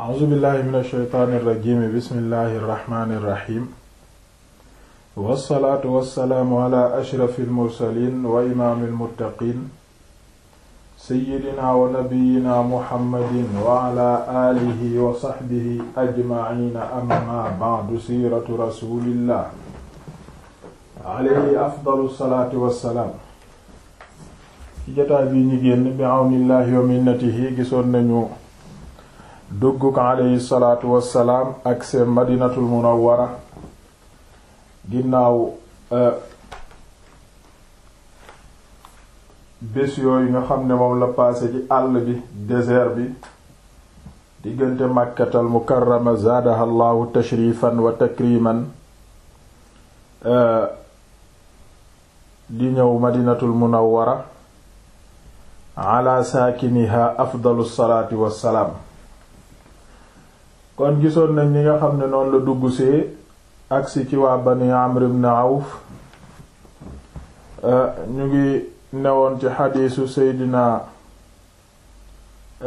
a'uuzu billahi min asheytaani irrajimi bismillahi irrahmani irrahim wassalaatu wassalaamu ala ashrafi almursalin wa imaami almuttaqin seyidina wa nabiyina muhammadin wa ala aalihi wa saxbihi ajmaciina amma ba'du siiratu rasulillah alayhi afdalu salaatu wassalaam ci jotaay bi ñu génn bi awnillahi wa minnatihi gisoon nañu dugg ko aleyhi salaatu wassalaam ak seen madinatul munawwara ginnaaw euh, bés yooyu nga xam ne moom la passé ci àll bi désert bi diggante màkkatal mukarrama zaadaha allahu tashrifan wa takriman euh, di ñëw madinatul munawwara ala saakiniha afdalu salaati wassalaam kon gisoon nañ ñi nga xam ne noonu la dugg see agsi ci waa bani amr ibn awf euh, ñu ngi newoon ci xadiisu seydina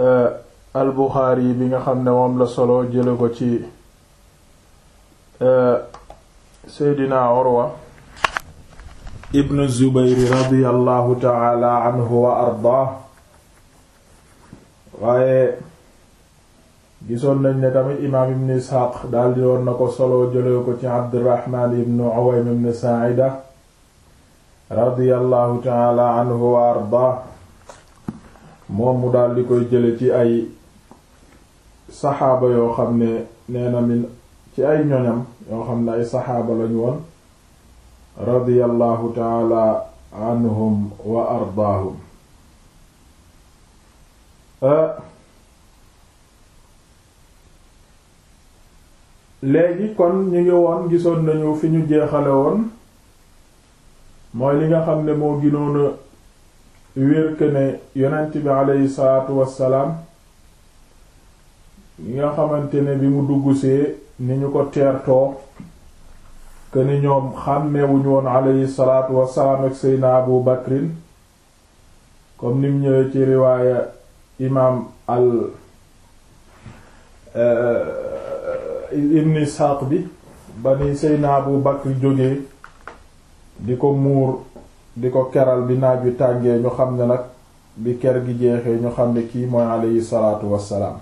euh, al buxaari bi nga xam ne moom la solo jële ko ci euh, seydina urwa ibn zubayri radiyallahu taala anhu wa ardaa waaye gisoon nañ ne tamit imaam ibn isxaaq daldi woon na ko solo jëlee ko ci abdirahmaan ibn uwaym ibn saaida radiyallahu taala anhu wa arda moom mu daldi koy jële ci ay saxaaba yoo xam ne nee na min ci ay ñoñam yoo xam ne ay saxaaba lañ woon radiyallahu taala anhum wa ardaahum euh, léegi kon ñu ngi woon gisoon nañu fi ñu jeexale woon mooy li nga xam ne moo ginoona wér que ne yonent bi aleyhi salaatu wassalaam li nga xamante ne bi mu duggsee ni ñu ko teertoo que ñoom xàmmeewuñu woon aleyhi salaatu wassalaam ak seyna abu bakrin comme nim ñëwee ci riwaaya imaam al euh, ibn Isxaaq bi ba ni Seydina Abu Bakr jógee di ko muur di ko keral bi naaj wi tàngee ñu xam ne nag bi ker gi jeexee ñu xam ne kii mooy aleyhi salaatu wassalaam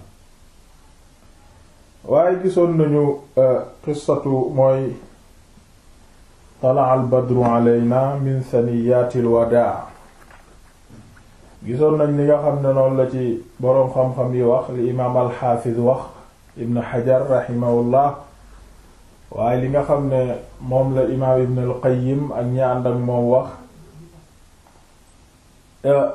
waaye gisoon nañu euh, qissatu mooy talaa al badru aleyna min saniyaatil wadaa gisoon nañ li nga xam ne noonu la ci boroom xam-xam yi wax li imaam alxaafiz wax ibn Hajar rahimahullah waaye li nga xam ne moom la imaam ibn al Qayyim ak ñi ànd moom wax eh,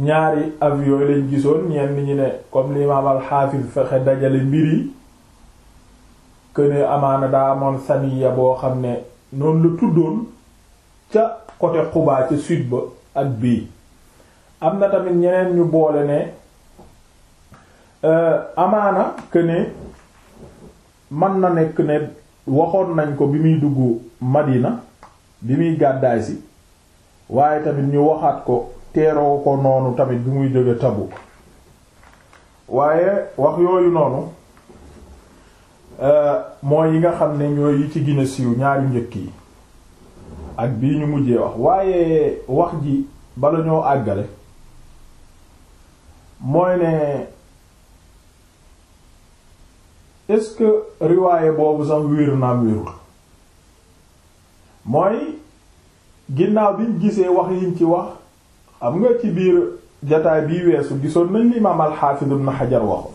ñaari avion yi lañ gisoon ñenn ñi ne comme li imaam al Hafiz fexe dajale mbir yi këne amaana daa amoon saniya boo xam ne noonu la tuddoon ca côté Quba ca sud ba ak bii am na tamit ñeneen ñu boole ne Euh, amaana que ne mën na nekk ne waxoon nañ ko bi muy dugg Madina bi muy gàddaay si waaye tamit ñu waxaat ko teeroo ko noonu tamit bi muy jóge Tabuk waaye wax yooyu noonu euh, mooy yi nga xam ne ñooy yi ci gën a ñaari njëkk yi ak bii ñu mujjee wax waaye wax ji bala ñoo àggale mooy ne est-ce que riwaaye boobu sax wéeru na am wéerul mooy ginnaaw biñ gisee wax yiñ ci wax am nga ci biir jataay bii weesu gisoon nañ li imaam al-Hafiz ibn Hajar waxoon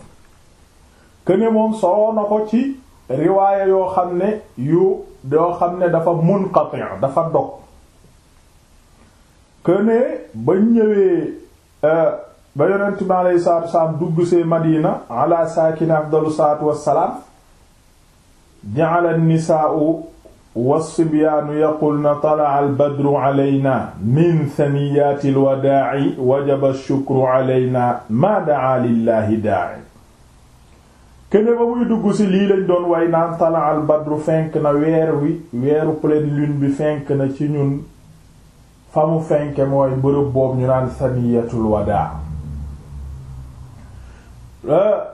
que moom soloo na ko ci riwaaye yoo xam ne yu yoo xam ne dafa munqati dafa dog que ne ñëwee euh, ba yonent bi aleyhi salaatu wasalaam dugg see madina ala saakini afdalu salaatu wassalaam ja'ala nisaa'u wasibyaanu yaqulna tala'a albadru alayna min thaniyaati alwadaa'i wajaba ash-shukru alayna maa da'aa lillaahi daa'i kene ba muy dugg lii lañ doon way tala'a albadru fenk na weeru pleine lune bi fenk na ci ñun fa mu fenke mooy bërëb boobu ñu naan thaniyatul wadaa Euh,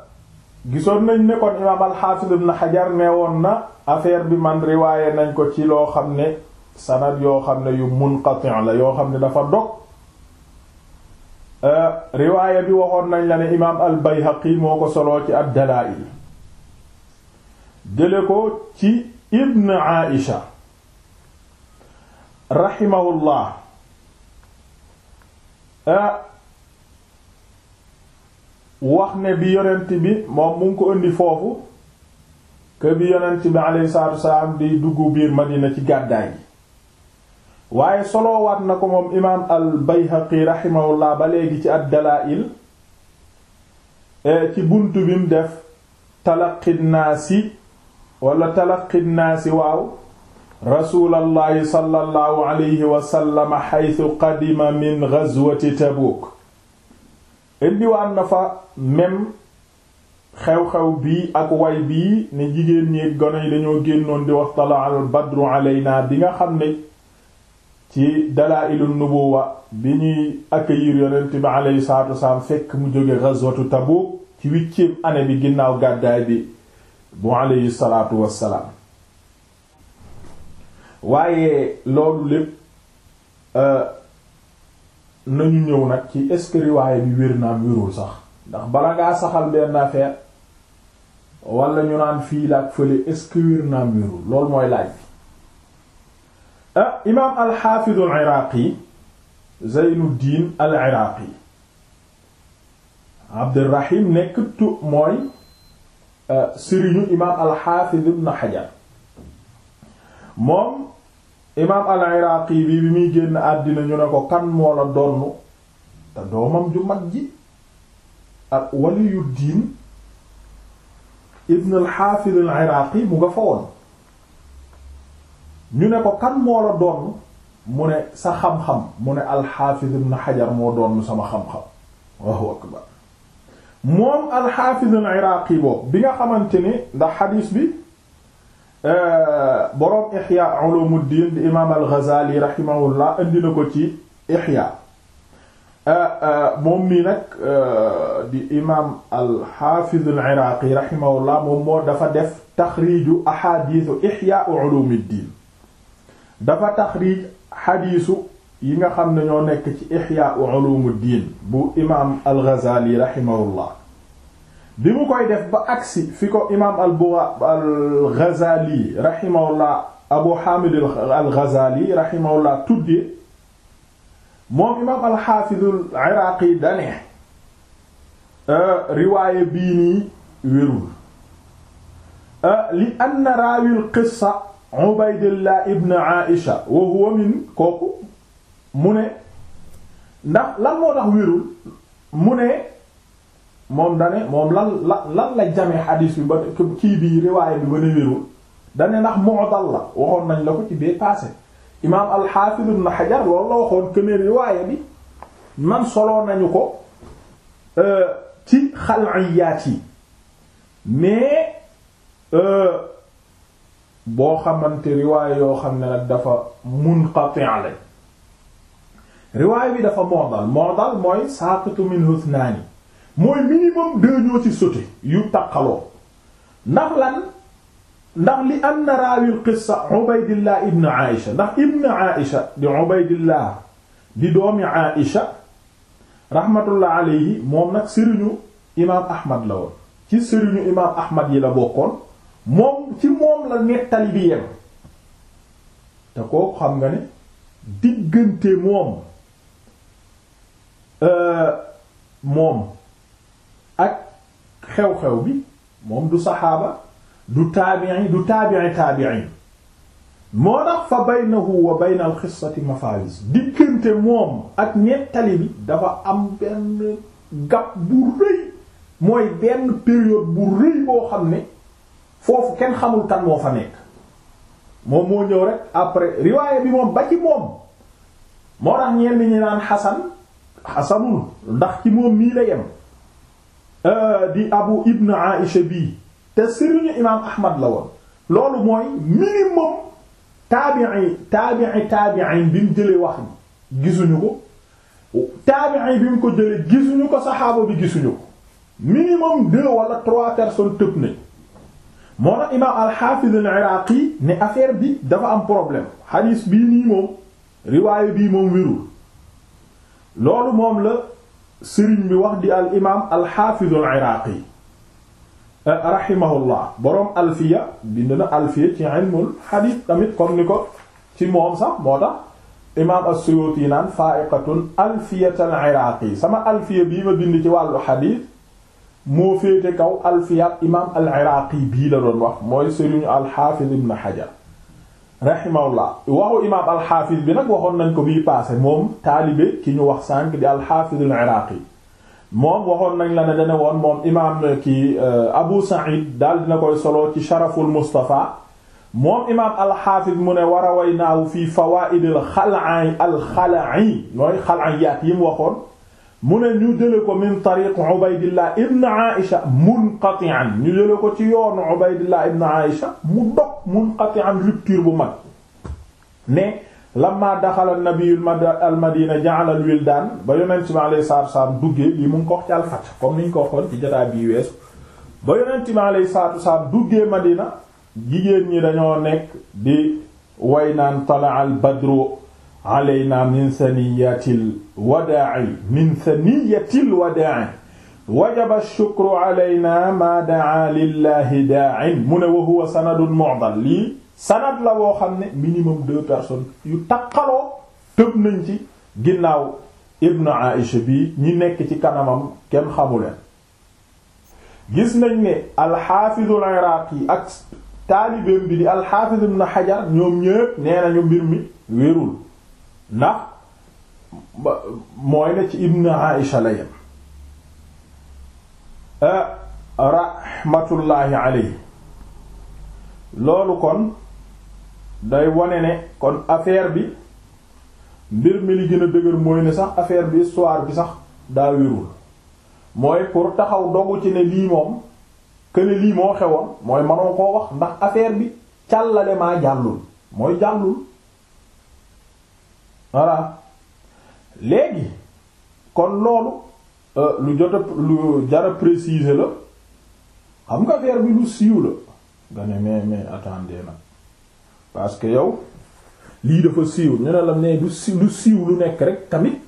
gisoon nañ ne kon imaam al-Hafiz ibn Hajar na affaire bi man riwaaye nañ ko ci loo xam ne sanad yoo xam ne yu munqati la yoo xam ne dafa dog euh, riwaaye bi waxoon nañ la ne imaam al-Bayhaqi moo ko soloo ci ad-Dalaa'il jële ko ci ibn Aisha rahimahullah euh, wax ne bi yonent bi moom mu ngi ko indi foofu que bi yonent bi alayhi salaatu wasalaam di dugg biir Madina ci gàddaay gi waaye soloowaat na ko moom imaam al Bayhaqi rahimahullah ba léegi ci ad-Dalaa'il e, ci buntu bi mu def talaqi naasi wala talaqi naasi waaw rasuulallahi sallallahu alayhi wa sallam haythu min ghazwati Tabuuk indiwaan na fa même xew-xew bii ak way bii ne jigéen ñi gone yi dañoo génnoon di wax tala al badru alayna bi nga xam ne ci dalaa'ilun nubuwa bi ñuy accueillir yonent bi alayhi salaatu wasalaam fekk mu jóge ghazwatu Tabuk ci huitième année bi ginnaaw gàddaay bi bu alayhi salaatu wasalaam waaye loolu lépp euh, nañu ñëw nag ci est-ce que riwaaya bi wér na sax ndax bala ngaa saxal benn affaire wala ñu naan fii laak fële est-ce que mooy laaj bi ah imaam alxaafidu al iraaqi zeynuddin al iraaqi abdirahim nekk tu mooy ah, sëriñu imaam alxaafid ibn xajar moom imaam al-Iraqi bi bi muy génn àddina ñu ne ko kan moo la donn te doomam ju mag ji ak Waliyuddin ibn al-Hafiz al-Iraqi mu nga fa woon ñu ne ko kan moo la donn mu ne sa xam-xam mu ne al-Hafiz ibn Hajar moo donn sama xam-xam Allahu akbar moom al-Hafiz al-Iraqi boobu bi nga xamante ni ndax xadiis bi Euh, boroom Ihya Ulumuddin di imaam al-Ghazali rahimahullah indi na ko ci Ihya euh, euh, moom mii nag di imaam al-Hafiz al-Iraqi rahimahullah moom moo dafa def taxriiju ahadiisu Ihya Ulumuddin dafa taxriij xadiisu yi nga xam ne ñoo nekk ci Ihya Ulumuddin bu imaam al-Ghazali rahimahullah bi mu koy def ba agsi fi ko imaam al buwa al ghazali rahimahullah abu hamid al ghazali rahimahullah tuddee moom imaam al xaafidul iraqi dane euh, riwaaye bii nii wérul euh, li anna raawil qissa ubaydillah ibn aisha wa huwa min kooku mu ne ndax lan moo tax wérul mu ne moom dane moom lan la lan la jame xadiis bi ba kii bi riwaay bi ba ne wérul dane ndax mu'dal la waxoon nañ la ko ci bee passé imaam al-Hafiz ibn Hajar loolu la waxoon que ne bi man soloo nañu ko euh, ci xal'iyaat yi mais euh, boo xamante riwaay yoo xam ne nag dafa munqati' la riwaay bi dafa mu'dal mu'dal mooy saqitu minhu ithnaani mooy minimum deux ci sauté yu takkaloo ndax lan ndax li ann raawil qissa ubaydillah ibn aisha ndax ibn aisha di ubaydillah di doomi aisha rahmatullah alayhi moom nag sëriñu imaam ahmad la woon ci sëriñu imaam ahmad yi la bokkoon moom ci moom la nettali bi yem te koo xam nga ne diggante moom euh, moom ak xew-xew bi moom du saxaaba du taabi'i du taabi'i taabi'in moo tax fa baynahu wa bayna al xissati mafaris diggante moom ak nettali bi dafa am benn gap bu rëy mooy benn période bu rëy boo xam ne foofu kenn xamul kan moo fa nekk moom moo ñëw rek après riwaaya bi moom ba ci moom moo tax ñenn ñi naan xasan xasanul ndax ci moom nii la yem Euh, di abu ibn aisha bii te sëriñu imaam ahmad la woon loolu mooy minimum taabii taabii taabiin bi mu jëlee wax ni gisuñu ko taabii bi mu ko jëlee gisuñu ko saxaaba bi gisuñu ko minimum deux wala trois personnes tëb nañ moo tax imaam alxaafiz al iraaqi ne affaire bi dafa am problème xadiis bii nii moom riwaaye bii moom wérul loolu moom la sëriñ bi wax di al imaam al xaafizu iraaqi rahimahullah boroom alfiya bind na alfiya ci ilmul xadiis tamit comme ni ko ci moom sax moo tax imaam as-Suyuti naan faaiqatun iraaqi sama alfiya bii ma bind ci wàllu xadiis moo féete kaw alfiya imaam al iraaqi bii la doon wax mooy sëriñu al ibn Hajar rahimahullah waxu imaam alxaafis bi nag waxoon nañ ko bii passé moom taalibe ki ñu wax sànq di alxaafis al iraaqi moom waxoon nañ la woon moom imaam ki euh, abu sa'id daal dina koy solo ci sharaful mustafa moom imaam alxaafis mu ne war way naaw fii fawaa'idil xal'i al xal'i nooy xal'iyaat yi mu waxoon mu ne ñu jële ko min tariq ubaydillah ibn aisha munqati'an ñu jële ko ci yoonu ubaydillah ibn aisha mu dog munqati'an rupture bu mag ne lamma daxala nabiyu al madina ja'ala al wildaan ba yonent bi alayhi salaatu salaam duggee lii mu ngi ko wax ci al fath comme ni ñu ko waxoon ci jotaay bii weesu ba yonent bi alayhi salaatu salaam duggee madina jigéen ñi dañoo nekk di way naan tala al badru alayna min saniyatil wadaa'i min saniyatil daa lillahi mu ne wa huwa sanadun mu'dal lii sanad la woo xam ne minimum yu taqaloo tëb nañ ci ginnaaw ibnu Aïsha bi ñi nekk ci kanamam kenn xamuleen gis nañ ne alxaafizul iraqi ak taalibeem bi di alxaafiz ibnu Hajar ñoom ñépp nee nañu mbir mi wérul ndax mooy ne ci ibnu Aisha la yem rahmatullahi alayhi loolu kon day wone ne kon affaire bi mbir mi li gën a dëgër mooy ne sax affaire bi histoire bi sax daa wérul mooy pour taxaw dogu ci ne lii moom que lii moo xewoon mooy mënoo koo wax ndax affaire bi càllale maa jàllul mooy jàllul voilà léegi kon loolu euh, lu jot a lu jara préciser la xam nga affaire bi lu siiw la nga ne mais mais attendez nag parce que yow lii dafa siiw ñu ne la ne du siiw lu siiw lu nekk rek tamit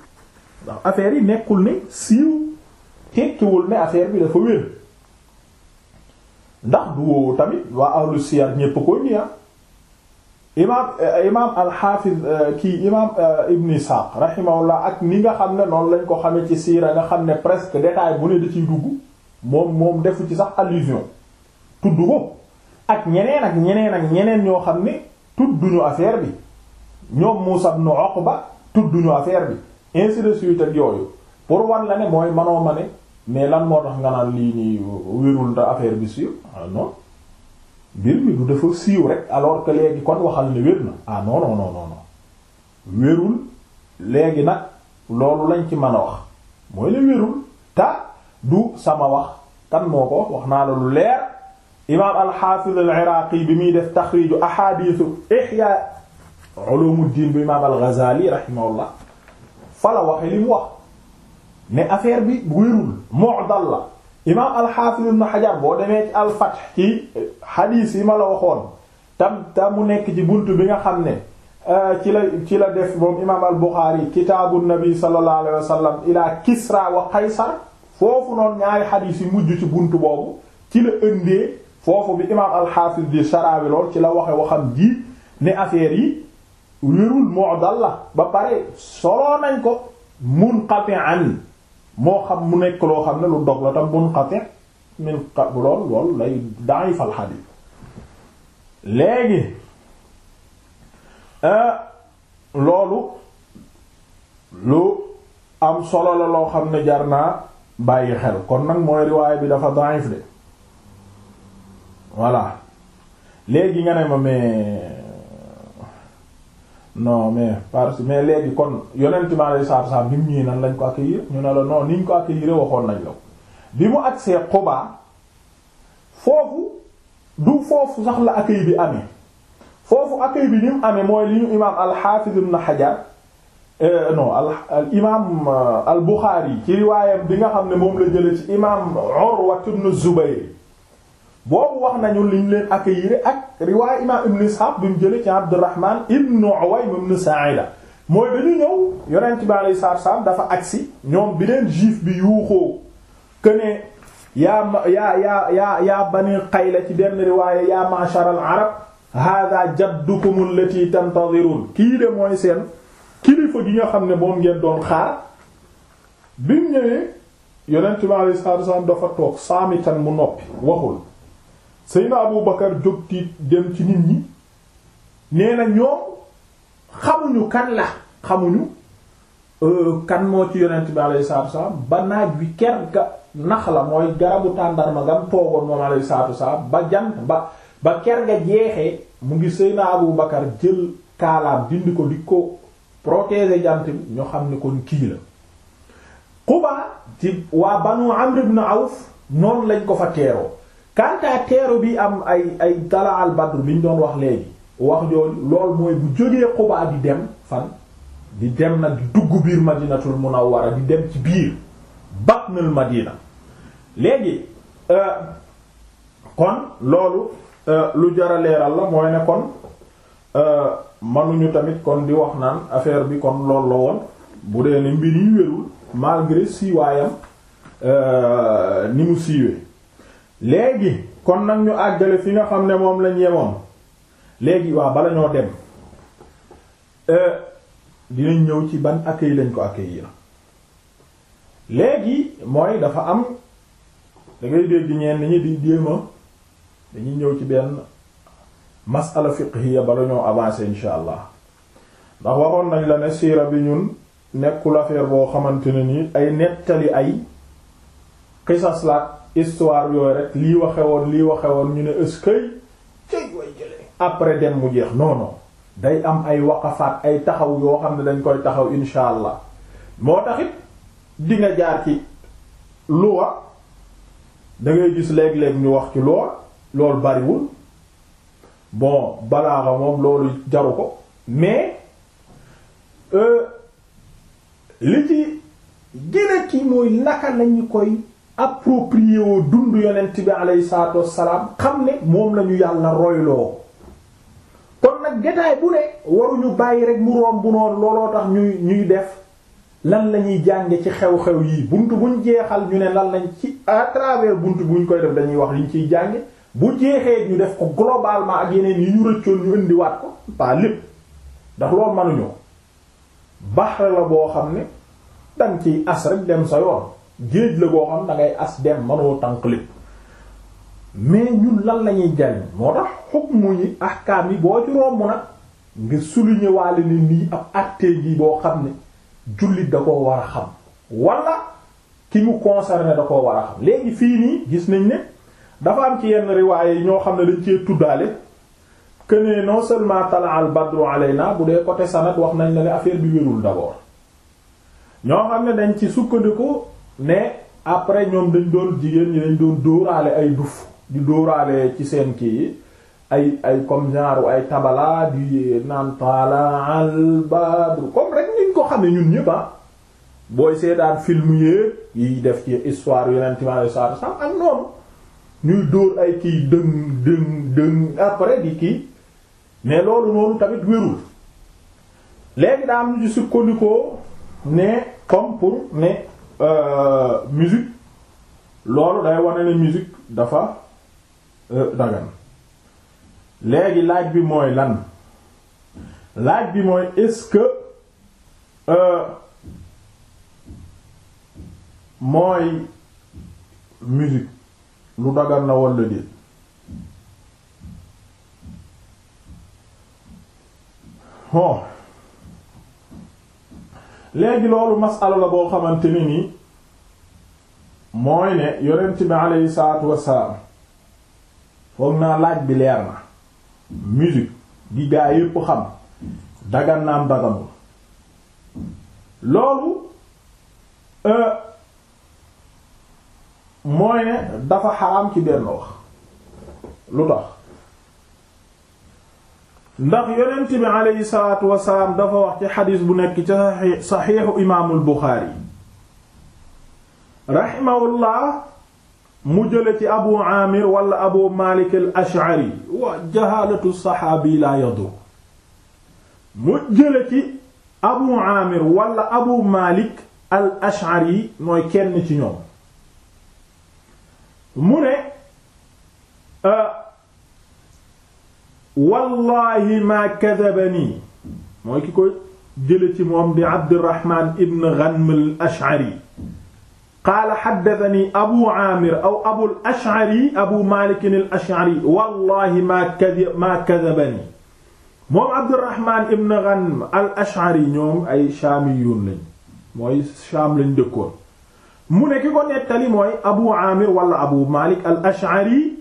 ndax affaire yi nekkul ne siiw tekkiwul ne affaire bi dafa wér ndax du tamit waa ahlu siyar ñépp ko ñi ah. imaam eh, imaam alxaafiz eh, kii imaam eh, ibn Isaaq rahimahullah ak ni nga xam ne noonu lañ ko xamee ci siira nga xam ne presque détail bu ne da ciy dugg moom moom defu ci sax allusion tudd ko ak ñeneen ak ñeneen ak ñeneen ñoo xam ne duñu affaire bi ñoom Muusa ibn Uqba tudduñu affaire bi ainsi de suite yooyu pour wan la ne mooy manoo ma ne mais lan moo tax nga naan lii nii wérul da affaire bi sur mbir mi du dafa siiw rek alors que léegi kon waxal ne wér na ah non non non non wérul léegi nag loolu lañ ci mën a wax mooy ne wérul ta du sama wax kan moo ko wax wax naa la lu leer imaam al-Hafiz al-Iraqi bi muy def taxriju ahadith ihya ulumuddin bi imaam al-Ghazali rahimahullah fa la waxe li mu wax mais affaire bi wérul mu'dal la imaam al-Hafiz ibn Hajar boo demee ci alfat ci xadiis yi ma la waxoon tam tam mu nekk ci bunt bi nga xam ne euh, ci la ci la def moom imaam al-Bukhari kitaabu nabi sallallahu alayhi wa sallam Kisra wa Qaysar foofu noonu ñaari xadiis yi mujj ci bunt boobu ci la ëndee foofu bi imaam al-Hafiz di lool ci la waxe waxam ji ne affaire yi wérul mu'dal la ba pare soloo nañ ko munqati'an moo xam mu nekk loo xam ne lu dog la tam munqati min lool lool lay da'ifal hadith léegi euh, loolu lu am solo la loo xam ne jar naa bàyyi xel kon nag mooy riwaay bi dafa da'if de voilà léegi nga ne ma mais non mais parce que mais léegi kon yonent ma lay saar saar bi mu ñëwee lañ ko accueillir ñu ne la non niñ ko accueillir waxoon nañ la bi mu agsee Quba foofu du foofu sax la accueil bi amee foofu accueil bi ni mu amee mooy li ñu imaam al-Hafiz ibn Hajar euh, non al imaam euh, al ci riwaayam bi nga xam ne moom la jëlee ci imaam Urwa ibn Zubayr boobu wax nañu liñ leen accueillir ak riwaay imam ibn Ishaq bi mu jële ci Abdurrahman ibn Uwaym ibn Sa'ida mooy dañu ñëw yonent bi alayhi salaatu dafa agsi ñoom bi leen juif bi yuuxoo que ne yaa yaa yaa yaa yaa bani Qayla ci benn riwaaya yaa ma'shar al-arab hada jaddukum allati tantazirun kii de mooy seen kilifa gi nga xam ne moom ngeen doon xaar bi mu ñëwee yonent bi alayhi salaatu salaam dafa mu noppi waxul Seydina Abu Bakar jóg tiit dem ci nit ñi nee ñoom xamuñu kan la xamuñu euh, kan moo ci yonent bi alayhi salaatu wasalaam ba naaj bi ker ga nax la mooy garabu tàndarma gam toogoon moom alayhi salaatu wasalaam ba jant ba ba ker ga jeexee mu ngi Seydina Abu Bakar jël kaalaam dindi ko di ko protéger jant bi ñoo xam ni ko kii la Quba ci waa Banu Amr ibn Awf noonu lañ ko fa teeroo kantaa teeru bi am ay ay dalaal badru bi ñu doon wax léegi wax jooju lool mooy bu jógee Quba di dem fan di dem nag di dugg biir madinatul munawwara di dem ci biir batnul madina léegi euh, kon loolu euh, lu jara leeral la mooy ne kon euh, manuñu tamit kon di wax naan affaire bi kon loolu la woon bu dee ne mbir yi wérul malgré siiwaayam ni mu siiwee léegi kon nag ñu àggale fi nga xam ne moom lañ yemoon léegi waa bala ñoo dem euh, dinañ ñëw ci ban accueil lañ ko accueillir léegi mooy dafa am dangay ngay dégg ñenn ñi di déema dañuy ñëw ci benn masala fiqhiya bala ñoo avancer insha allah ndax waxoon nañ la ne siira bi ñun nekkul affaire boo xamante ne ni ay nettali ay xisas la histoire yooyu rek lii waxe woon lii waxe woon ñu ne ëskay cëy way jëlee après dem mu jeex non day am ay waqafaat ay taxaw yoo xam ne dañ koy taxaw insha allah moo taxit di jaar ci luwa da gis léeg-léeg ñu wax ci lool loolu bariwul bon balaaxa moom loolu jaru ko mais euh, li ci gën a kii mooy naka lañu koy approprié woo dund yonent bi aleyhi salaatu wassalaam xam ne moom lañu yàlla royloo kon nag jotaay bu ne waruñu bàyyi rek mu romb noonu looloo tax ñuy def lan lañuy jànge ci xew-xew yii bunt buñ jeexal ñu ne lan lañ ci à travers bunt buñ koy def dañuy wax liñ ciy jànge bu jeexee ñu def ko globalement ak yeneen yi ñu rëccoon ñu indiwaat ko pas lépp ndax loolu mënuñoo baxre la boo xam ne danga ciy as rek dem sa yoon géej la boo xam da as dem mënoo tànk lépp mais ñun lan lañuy jariñ moo tax xukmu yi ahkaam yi boo ci romb nag nga souligner waale ni nii ab àttee gi boo xam ne jullit da ko war a xam wala ki mu concerné da ko war a xam léegi fii nii gis nañ ne dafa am ci yenn riwaaye ñoo xam ne dañ cee tuddaale que ne non seulement tala al badru alayna bu dee côté sanad wax nañ la ne affaire bi wérul d'abord ñoo xam ne dañ ci sukkandiku mais après ñoom dañ doon jigéen ñi dañ doon dóoraale ay duf di dóoraale ci seen kii yi ay ay comme genre ay tabala di naan taala al badru comme rek niñ ko xam ne ñun ñëpp ah booy seetaan film yéeg yiy def ci histoire yeneen ma sar sam ak noonu ñuy dóor ay kii dëng dëng dëng après di kii mais loolu noonu tamit wérul léegi daa am ñu sukkandikoo ne comme pour ne Euh, musique loolu day wane ne musique dafa euh, dagan léegi laaj bi mooy lan laaj bi mooy est-ce que euh, mooy musique lu dagan na walla déet bon léegi loolu masala la boo xamante ni nii mooy ne yonent bi aleyhi salaatu wassalaam foog naa laaj bi leer na musique gi gaa yépp xam dagan naam loolu euh, mooy ne dafa xaraam ci benn wax lu tax ndax yonent bi aleyhi salaatu wasalaam dafa wax xadiis bu nekk ci saxiixu imaamul buxaari raximahullah mu jële ci abu aamir wala abu malik al wa jahalatu saxaabi la yadur mu jële ci abu aamir wala abu malik al ash'ari kenn ci ñoom mu ne euh, wallahi ma kadabani mooy ki ko jële ci moom di abdirahman ibn ghanm al ash'ari qaala xaddatani abu aamir aw abu al ash'ari abu malik al ash'ari wallahi ma ma kadabani moom abdirahman ibn ghanm al ash'ari ñoom ay shaamiyuun lañ mooy shaam lañ dëkkoon mu ne ki ko nettali mooy abu aamir wala abu malik al ash'ari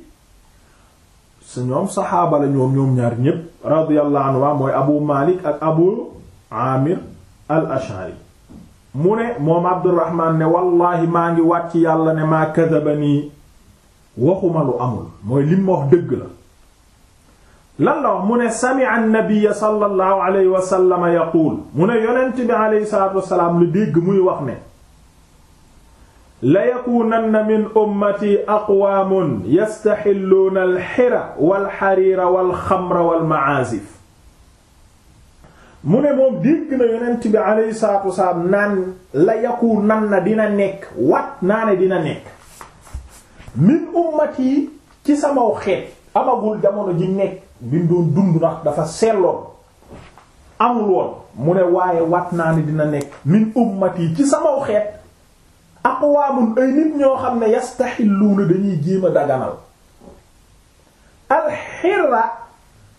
su ñoom saxaaba la ñoom ñoom ñaar ñépp radiyallahu anhu mooy abu malik ak abu amir al ashari mu ne moom abdurrahman ne wallahi maa ngi wàcc yàlla ne maa kadabani waxuma lu amul mooy lim wax dëgg la lan mu ne sami'a an-nabiy sallallahu alayhi wa sallam yaquul mu ne yonent bi alayhi salaatu wa salaam lu dégg muy wax ne la yakuunanna min ummati aqwaamun yastaxilluuna alxira walxariira walxamra walmacaazif mu ne moom dégg na yonent bi aleyhi salaatu wasalaam naan la yakuunanna dina nekk wat naa dina nekk min ummati ci samaw xeet amagul jamono ji nekk bi dund ndax dafa selloon amul mu ne waaye wat naa ne dina nekk min ummati ci samaw xeet aqwaamun ay nit ñoo xam ne yastaxilluuna dañuy jéem a daganal alxirra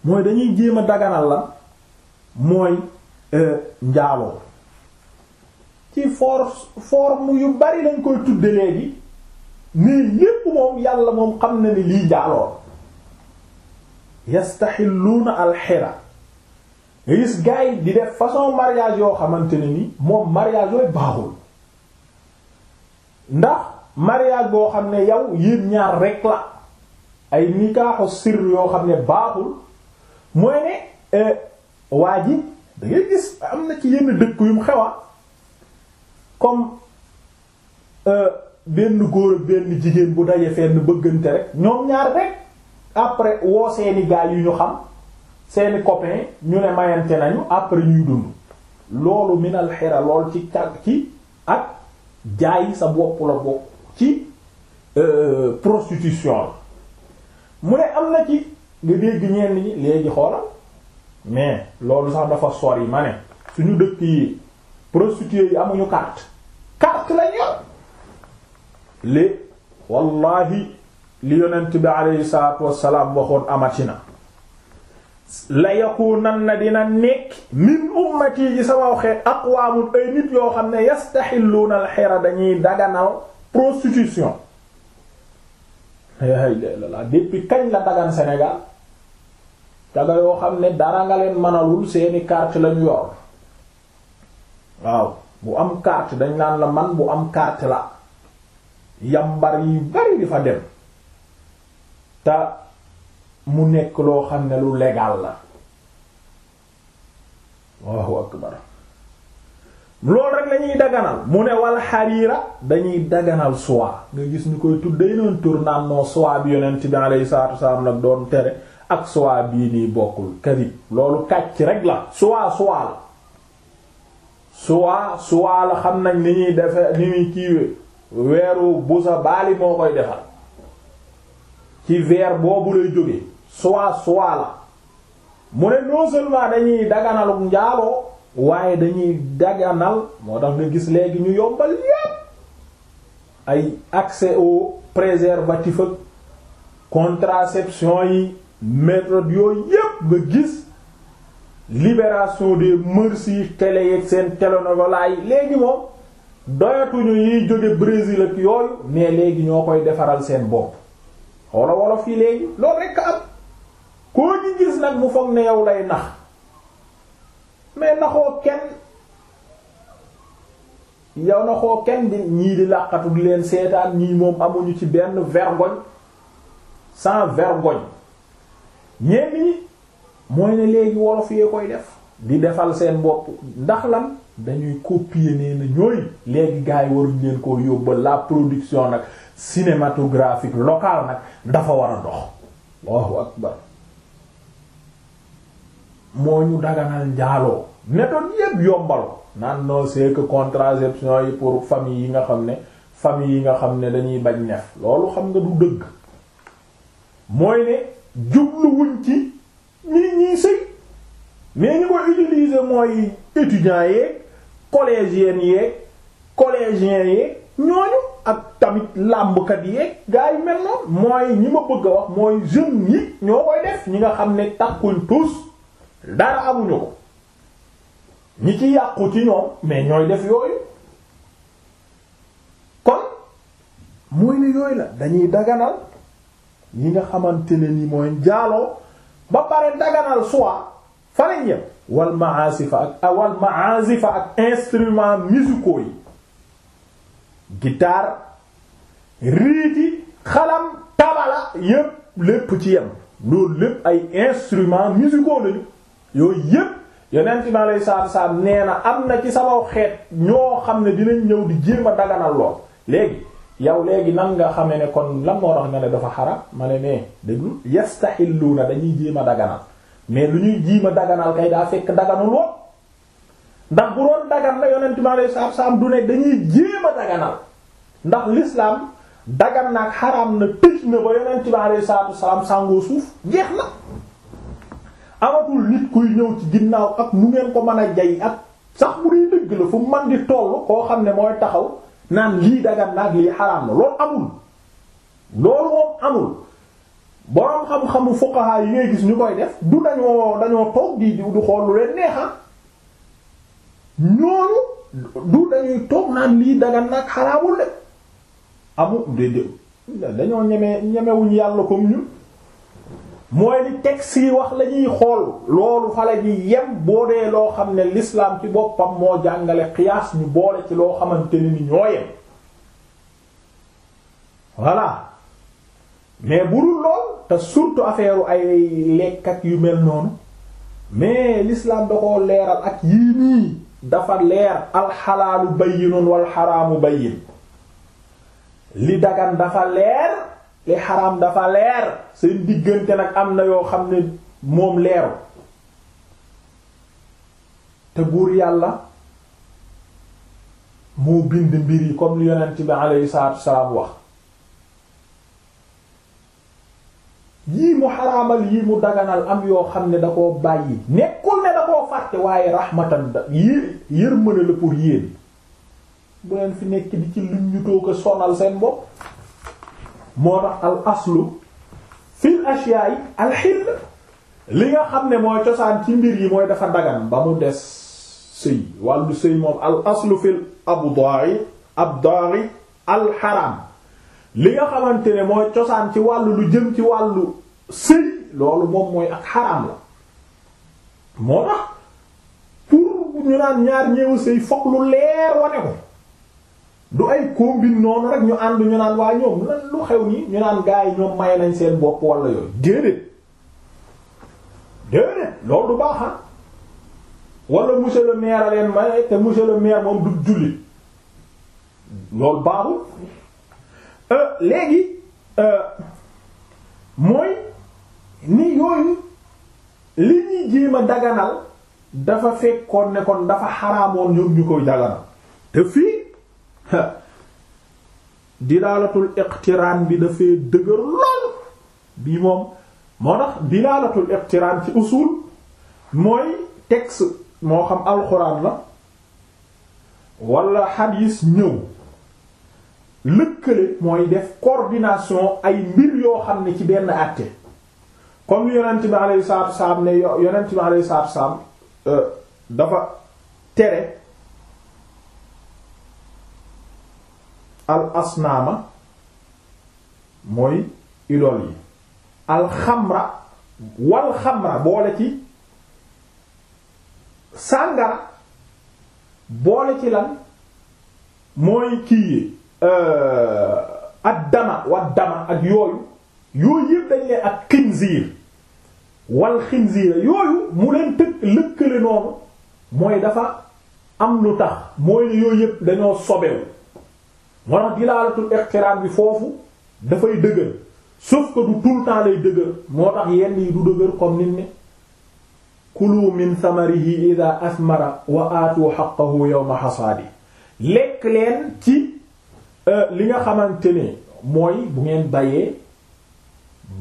mooy dañuy jéem a daganal la mooy euh, njaaloo ci force forme yu bari lañ koy tudde léegi nii lépp moom yàlla moom xam na ni lii njaaloo yastaxilluuna alxira gis di def façon mariage yoo xamante ne ni moom mariage yooyu baaxul ndax mariage boo xam ne yow yéen ñaar rek la ay nikaaxu sir yoo xam ne baaxul mooy ne euh, waa ji da gis am na ci yenn dëkk yu mu xewa comme euh, benn góor benn jigéen bu daje fenn bëggante rek ñoom ñaar rek après woo seeni gaay yu ñu xam seeni copain ñu ne mayante nañu après ñuy dund loolu minal xira lool ci cag ci ak jaay sa bopp la bokk ci euh, prostitution la mu ne am na ci nga dégg ñenn ñi léegi xoolal mais loolu sax dafa sori ma ne suñu dëkk yi prostituées yi amuñu carte carte lañ yor lé wallahi li yonent bi aleyhi salaatu wassalaam waxoon amatina la yakuunanna dina nekk min ummati ci sama xeet aqwaamun ay nit yoo xam ne yastaxilluuna alxira dañuy daganal prostitution hay la la depuis kañ la dagan Sénégal daga yoo xam ne dara nga leen mënalul seeni carte lañu yor waaw bu am carte dañ naan la man bu am carte la yambar yi bari di fa dem ta mu nekk loo xam ne lu légal la Allahu akbar loolu rek lañuy daganal mu ne wal xariira dañuy daganal soie nga gis ñu koy tudd day noon tur naan noo soie bi yonent bi alayhi salaatu wasalaam nag doon tere ak soie bii nii bokkul kadib loolu kàcc rek la soie soie la soie soie la xam nañ ni ñuy defe ni ñuy kiiwe weeru busa baali moo koy defal ci vers boobu lay jóge soit soit la mu ne non seulement dañuy daganalum njaaloo waaye dañuy daganal moo tax nga gis léegi ñu yombal yépp ay accès au préservatif ak contraception yi méthode yépp nga gis libération des mœurs yi télé yeeg seen télénovela yi léegi moom doyatuñu yiy jóge Brésil ak yooyu mais léegi ñoo koy defaral seen bopp xoola wolof yi léegi loolu rekk am koo ñu gis nag mu foog ne yow lay nax mais naxoo kenn yow naxoo kenn di ñii di làqatu di leen seetaan ñii moom amuñu ci benn vergogne sans vergogne ñenn ñi mooy ne léegi wolof yee koy def di defal seen bopp ndax lan dañuy copier nee na ñooy léegi gars yi waruñ leen koo yóbbal la production nag cinématographique locale nag dafa war a dox Allahu akbar moo ñu daganal njaaloo méthode yépp yombal naan non c'est que yi pour famille yi nga xam ne famille yi nga xam ne dañuy bañ neef loolu xam nga du dëgg mooy ne jubluwuñ ci nit ñi sëy mais ñu koy utiliser mooy étudiants yeeg collégiens yeeg collégiens yeeg ñooñu ak tamit làmbkat yeeg gars yi mel noonu mooy ñi ma bëgg a wax mooy jeunes yi ñoo koy def ñi nga xam ne takkuñ tous dara amuñu ko ñi ci yàqu ci ñoom mais ñooy def yooyu kon mooy ne yooyu la dañuy daganal yi nga xamante ne ni mooy njaaloo ba pare daganal soit farañ yem wal maasifa ak wal maasifa ak instruments musicaux yi guitare riiti xalam tabala yépp lépp ci yam loolu lépp ay instruments musicaux lañu yooyu yépp yeneen ci ma lay saab saab nee na am na ci sama xeet ñoo xam ne dinañ ñëw di jéem a daganal lool léegi yow léegi nan nga xamee ne kon lan moo tax nga ne dafa xaram ma ne nee déglu yastaxilluuna dañuy jéem a daganal mais lu ñuy jéem a daganal kay daa fekk daganul ndax bu doon dagan la yonent bi du ne dañuy jéem a daganal ndax l'islam dagan naag xaraam na tëj na ba yonent bi sàngoo suuf jeex na amatul nit kuy ñëw ci ginnaaw ak nu ngeen ko mën a jay ak sax bu dee dëgg la fu man di toll koo xam ne mooy taxaw naan lii dagan naag lii xaraam na loolu amul loolu moom amul boroom xam-xamu fuqaha yi ngay gis ñu koy def du dañoo dañoo toog di du xool lu leen neexa ah. ñooñu du dañuy toog naan lii dagan nag xaraamul de amul dañoo ñeme ñemewuñ yàlla comme ñun mooy li texte yi wax lañuy xool loolu xale bi ñuy yem boo dee loo xam ne lislaam ci boppam moo jàngale qiyaas ñu boole ci loo xamante ni ni ñoo yem voilà mais burul lool te surtout affaire ay lekk ak yu mel noonu mais l'islam da ko leeral ak yii nii dafa leer alxalaalu bayyinun wal xaraamu bayyin li dagan dafa leer li xaraam dafa leer seen diggante nag am na yoo xam ne moom leeru te buur yàlla moo bind mbir yi comme li yonent bi alayhi salaatu wax yii mu xaraamal yii mu daganal am yoo xam ne da koo bàyyi nekkul koo fàtte waaye rahmatan da yéen yërmande la pour yéen bu leen fi nekk di ci lim ñu toog a sonal seen bopp moo tax al aslu fil ashyaa'i al hill li nga xam ne mooy cosaan ci mbir yi mooy dafa dagan ba mu des sëy wàllu sëy moom al aslu fil abdari abdari al haram li nga xamante ne mooy cosaan ci wàllu lu jëm ci wàllu sëy loolu moom mooy ak haram la moo tax fokk ñu naan ñaar ñëw sëy fokk lu leer wane ko du ay combine noonu rek ñu ànd ñu naan waa ñoom lan lu xew nii ñu naan gaa yi ñoom may nañ seen bopp wala yooyu déedéet déedéet loolu du baax ah. wala monsieur le maire a leen may te monsieur le maire moom du julli loolu baaxul euh, léegi euh, mooy ni yooyu li ñuy jéem daganal dafa fekkoon ne kon dafa xaraamoon ñoom ñu koy daganal te fii dilaalatul iqtiraan bi dafay dëgër lool bii moom moo tax dilaalatul iqtiraan ci usul mooy texte moo xam alxuraan la wala xadiis ñëw lëkkale mooy def cordination ay mbir yoo xam ne ci benn àtte comme yonent bi alayhi salaatu salaam ne yonent bi alayhi salaatu salaam Euh, dafa tere al asnaama mooy idol yi al xamra boole ci sàngara boole ci lan mooy kii euh, ad dama ak yooyu yooyu yëpp dañ leen ak xinziir wal xinziira yooyu mu leen tëkk lëkkale noonu mooy dafa am lu tax mooy ne yooyu yëpp dañoo sobewu moo tax dilaalatul iqtiraan bi foofu dafay dëgër sauf que du tout temps lay dëgër moo tax yenn yi du dëgër comme nit ne kulu min samarihi ida asmara wa aatu xaqahu yawma xasaadi lekk leen ci euh, li nga xamante ne mooy bu ngeen bayee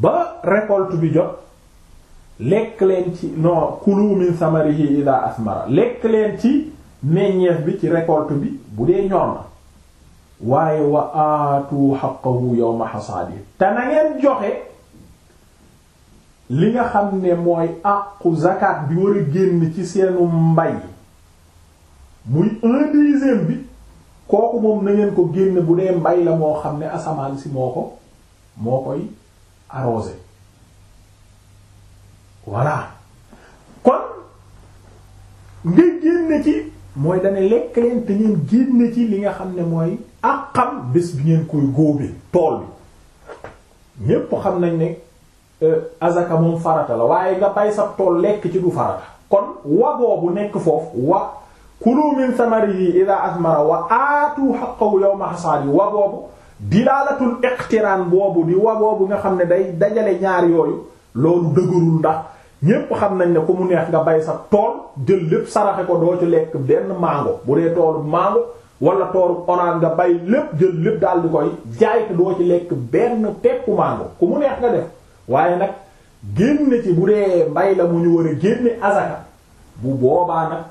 ba récolte bi jot lekk leen ci non kulu min samarihi ida asmara lekk leen ci meññeef bi ci récolte bi bu dee ñor na waaye wa aatu xaqahu yawma xasaadi te na joxe li nga xam ne mooy àqu zakat bi war génn ci seenu mbay muy un bi kooku moom na ngeen ko génn bu dee mbay la moo xam ne asamaan si moo ko moo koy arrosé voilà kon nga génne ci mooy dana lekk leen te ngeen génne ci li nga xam ne mooy ak xam bés bi ngeen koy góobee tool bi ñépp xam nañ ne euh, azaka moom farata la waaye nga bay sa tool lekk ci du farata kon wa boobu nekk foofu wa kulu min samarihi ida asmara wa aatu haqqahu yawma hasadi wa boobu dilaalatul iqtiraan boobu di wa boobu nga xam ne day dajale ñaar yooyu loolu dëgërul ndax ñépp xam nañ ne ku mu neex nga bay sa tool jël lépp saraxe ko doo ci lekk benn mango bu dee toolu mango wala toolu orange nga bay lépp jël lépp daal koy jaay te doo ci lekk benn peppu mango ku mu neex nga def waaye nag génn ci bu dee mbay la mu ñu war a génne azaka bu boobaa nag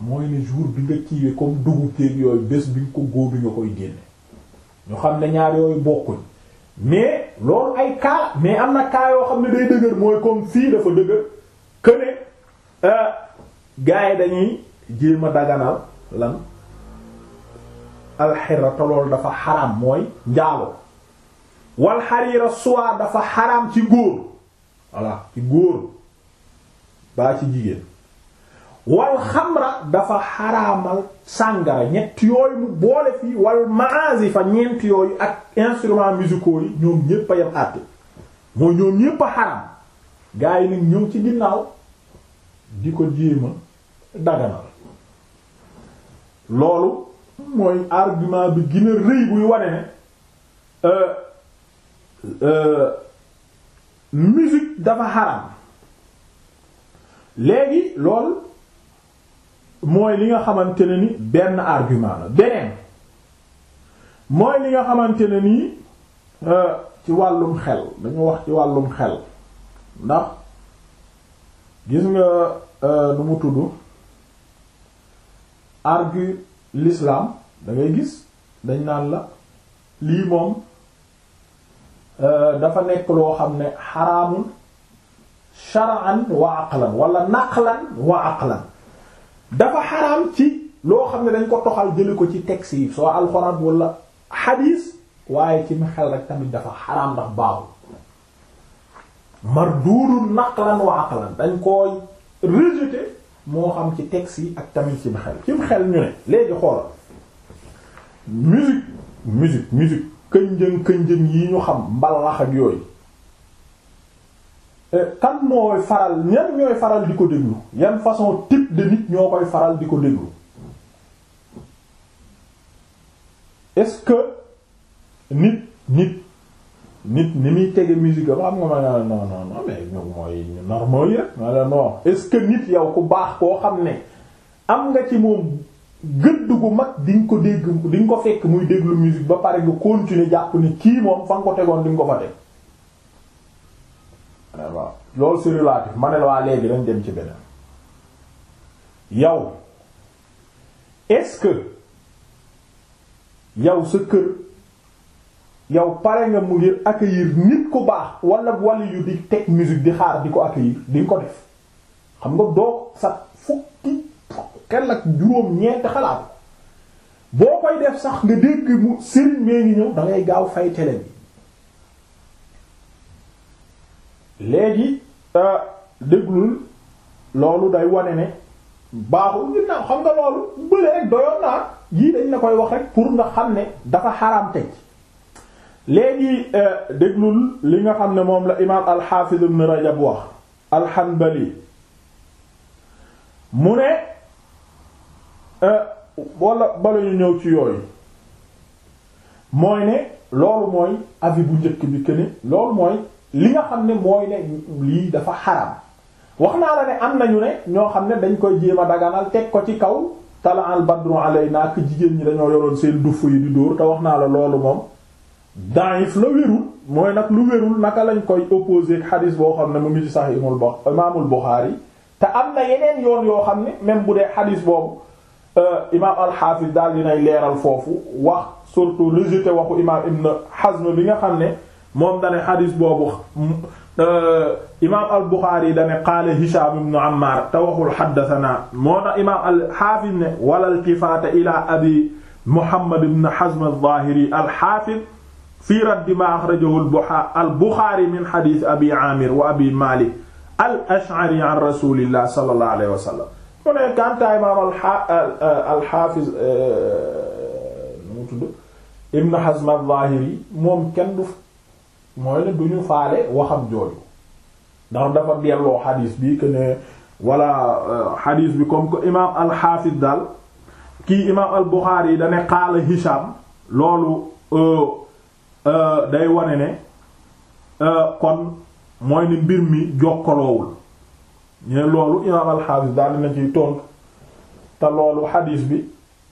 mooy ne jour bi nga kiiwee comme dugub teeg yooyu bés bi nga ko góobi nga koy génne ñu xam ne ñaar yooyu bokkuñ mais loolu ay cas mais am na kaa yoo xam ne day dëgër mooy comme fii dafa dëgër que ne euh, yi dañuy jéem a daganal lan alxira te loolu dafa xaram mooy njaaloo wal xariira suwaa dafa xaram ci góor voilà ci góor baa ci jigéen wal xamra dafa xaraamal sàngara ñett yooyu mu boole fii wal maazifa ñeent yooyu ak instruments musicaux yi ñoom ñépp a àtte mooy ñoom ñépp a gaa yi nag ñëw ci ginnaaw di ko jéema daganal loolu mooy argument bi gën a rëy buy wane ne euh, euh dafa xaraam léegi loolu mooy li nga xamante ne ni benn argument la beneen mooy li nga xamante ne ni euh, ci wàllum xel dañu wax ci wàllum xel ndax gis nga euh, nu mu tudd argu lislaam da ngay gis dañ naan la lii moom euh, dafa nekk loo xam ne xaraamul shar'an wa aqlan wala naqlan wa aqlan dafa xaraam ci loo xam ne dañ ko toxal jëli ko ci texte yi soo alxuraan wala xadiis waaye ci mu xel rek tamit dafa xaraam ndax baaxul marduudun naqlan wa aqlan dañ koo rejeté moo xam ci texte yi ak tamit ci xel ci mu xel ñu ne léegi xoolal musique musique musique kënjën kënjën yi ñu xam mbalax ak yooyu Euh, kan mooy faral ñan ñooy faral di ko déglu yan façon type de nit ñoo koy faral di ko déglu est-ce que nit nit nit ni muy tege musique ba xam nga ma ne non mais ñoom mooy normal yi rek ma ce que nit yow ku baax koo xam ne am nga ci moom gëdd gu mag di nga ko dégg di nga ko fekk muy déglu musique ba pare nga continuer jàpp ni kii moom fa nga ko tegoon di ko fa teg loolu c'est relatif ma ne la waa léegi dañ dem ci beneen yow est-ce que yow sa kër yow pare nga mu ngir accueillir nit ku baax wala wali yu di teg musique di xaar di ko accueillir di ko def xam nga doo sa fukki kenn ak juróom ñeent xalaat boo koy def sax nga dégg mu sëriñ mee ngi ñëw da gaaw fay télé bi léegi euh, déglul loolu day wane ne baaxul ngir naaw xam nga loolu bële rek doyoon naa yii dañ la koy wax rek pour nga xam ne dafa xaraam teg léegi euh, déglul li nga xam ne moom la imaam alxaafiz ibn rajab wax alxanbali mu ne euh, wala bala ñu ñëw ci yooyu mooy ne loolu mooy avis bu njëkk bi que loolu mooy li nga xam ne mooy ne lii dafa xaram wax naa la ne am nañu ne ñoo xam ne dañ koy jéem a daganal teg ko ci kaw tala al badru alayna ak jigéen ñi dañoo yoroon seen duff yi di dóor te wax naa la loolu moom daif la wérul mooy nag lu wérul naka lañ koy opposé ak boo xam ne mu ngi ci sax imul bo imaamul Buxaari te am na yeneen yoon yoo xam ne même bu dee xadis boobu euh, imaam alxaafis daal dinay leeral foofu wax surtout rejeté waxu imaam Ibn bi nga xam ne moom dane xadis boobu euh, imaam al-Buxaari dane qaala Hishaam ibnu Ammaar te waxul xaddasanaa moo tax imaam al-Xaafis ne wala iltifaata ila abi Muhammad ibn Hazm al-Zaahiri al-Xaafis fii raddi maa axrajahu al-Buxaari min xadis abi Aamir wa abi Maalik al-Ash'ari an rasuulillah sallallahu alayhi wa sallam mu ne kantaa imaam al-Xaafis euh, nu mu tudd ibn Hazm al-Zaahiri moom kenn du mooy la duñu faale waxam jooju ndax dafa delloo xadiis bi que ne wala euh, xadiis bi comme que imaam alxaafis daal kii imaam al Buxaari yi da xaala qaala loolu euh, euh, day wane ne kon mooy ni mbir mi jokkaloowul ñe loolu imaam alxaafis daal dina ciy tontu te loolu xadiis bi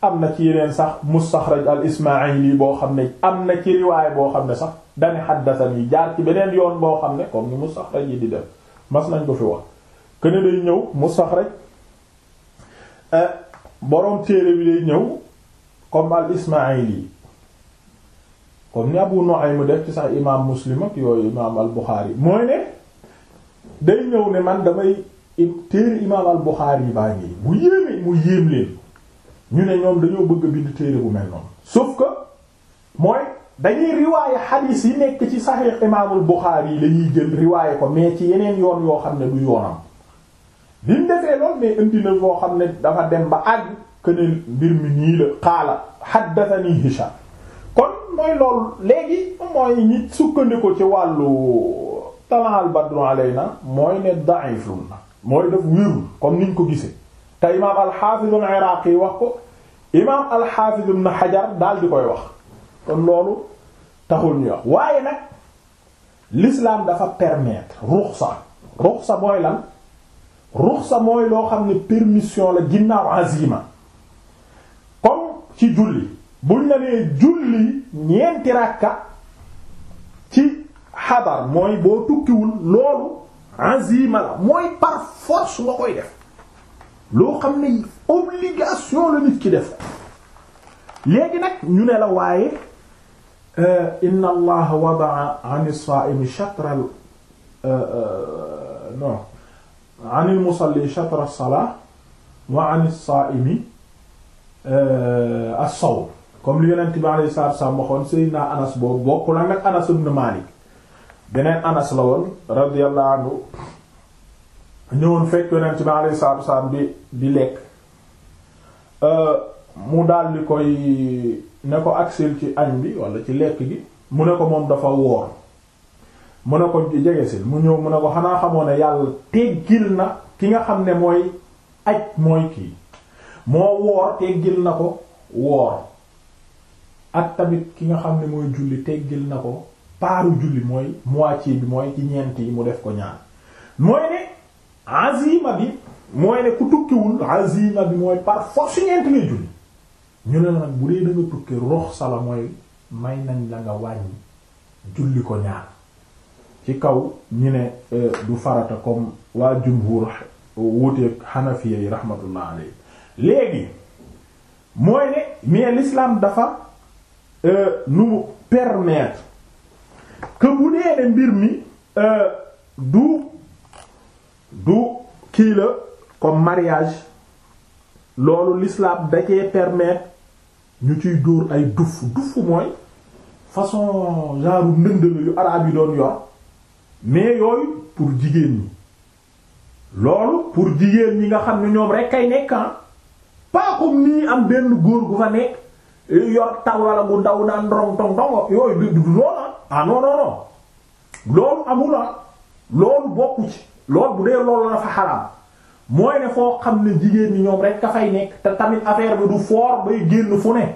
am na ci yeneen sax mustaxraj al Ismaayili boo xam ne am na ci riwaay boo xam ne sax dane yi jaar ci beneen yoon boo xam ne comme ni mustaxraj yi di def mas nañ ko fi wax këne day ñëw mustaxraj eh, boroom téere bi day ñëw comme al ismaili comme ni Abu Nu'aym def ci sax imaam Muslim ak yooyu imaam al Buxaari mooy ne day ñëw ne man damay téere imaam al Buxaari baa ngi mu yéeme mu yéem leen ñu ne ñoom dañoo bëgg a bind téere bu mel noonu sauf que mooy dañuy riwaaye xadiis yi nekk ci saxiix imaamul Buxaari yi lañuy jël riwaaye ko mais ci yeneen yoon yoo xam ne du yoonam bi defee lool mais indi na boo xam ne dafa dem ba àgg que ne mbir mi nii la xaala haddathani Hisham kon mooy lool léegi mooy ñi sukkandiku ci wàllu talaal badru alayna mooy ne da'ifun na mooy def wérul comme niñ ko gise te imaam al wax ko imaam al na xajar daal di koy wax. kon loolu taxul ñu wax waaye nag l'islam dafa permettre ruxsa ruxsa mooy lan ruxsa mooy loo xam ne permission la ginnaaw azima comme ci julli buñ la julli ñeenti ràkka ci xabar mooy boo tukkiwul loolu azima la mooy par force koy def loo xam ni obligation la nit ki def léegi nag ñu ne la waaye Eh, inna allaha wadaa an as-saa'imi shatral non an al-musalli shatra as-salaa eh, eh, wa an as-saa'imi as-sawm comme li yonent bi alayhi salaatu wa salaam waxoon Seydina Anas boobu bokk la nag Anas ibn Maalik beneen Anas la woon radiyallahu anhu ñëwoon fekk yonent bi alayhi salaatu wa salaam bi di lekk mu daal di koy ne ko agsil ci añ bi wala ci lekk bi mu ne ko moom dafa woor mu ne ko jegesil mu ñëw mu a ko xanaa xamoo ne yàlla teggil na ki nga xam ne mooy aj mooy kii moo woor teggil na ko woor ak tamit ki nga xam ne mooy julli teggil na ko paaru julli mooy moitié bi mooy ci ñeent yi mu def ko ñaar mooy ne azima bi mooy ne ku tukkiwul azima bi mooy par force ñeent ngay julli ñu ne la nag bu dee da nga tukki rox sala mooy may nañ la nga wàññi julli ko ñaar ci kaw ñu ne euh, du farata comme waa jumhur wuuteeg xanafiya yi rahmatullah alayhi léegi mooy ne mais l'islam dafa euh, nu mu permettre que bu ne mbir mi euh, du du kii comme mariage loolu l'islam da cee ñu ciy góor ay duf duf mooy façon genre ndënd la yu araab yi doon yor mais yooyu pour jigéen ñi loolu pour jigéen ñi nga xam ne ñoom rekk ay nekk ah. pas comme nii am benn góor gu fa nekk yor taw bu ndaw daan ndorong tong tong yooyu du loola ah. ah non loolu amula ah. loolu bokku ci loolu bu dee loolu la dafa xaraam mooy ne foo xam ne jigéen ñi ñoom rek ka fay nekk te tamit affaire bi du foor bay génn fu ne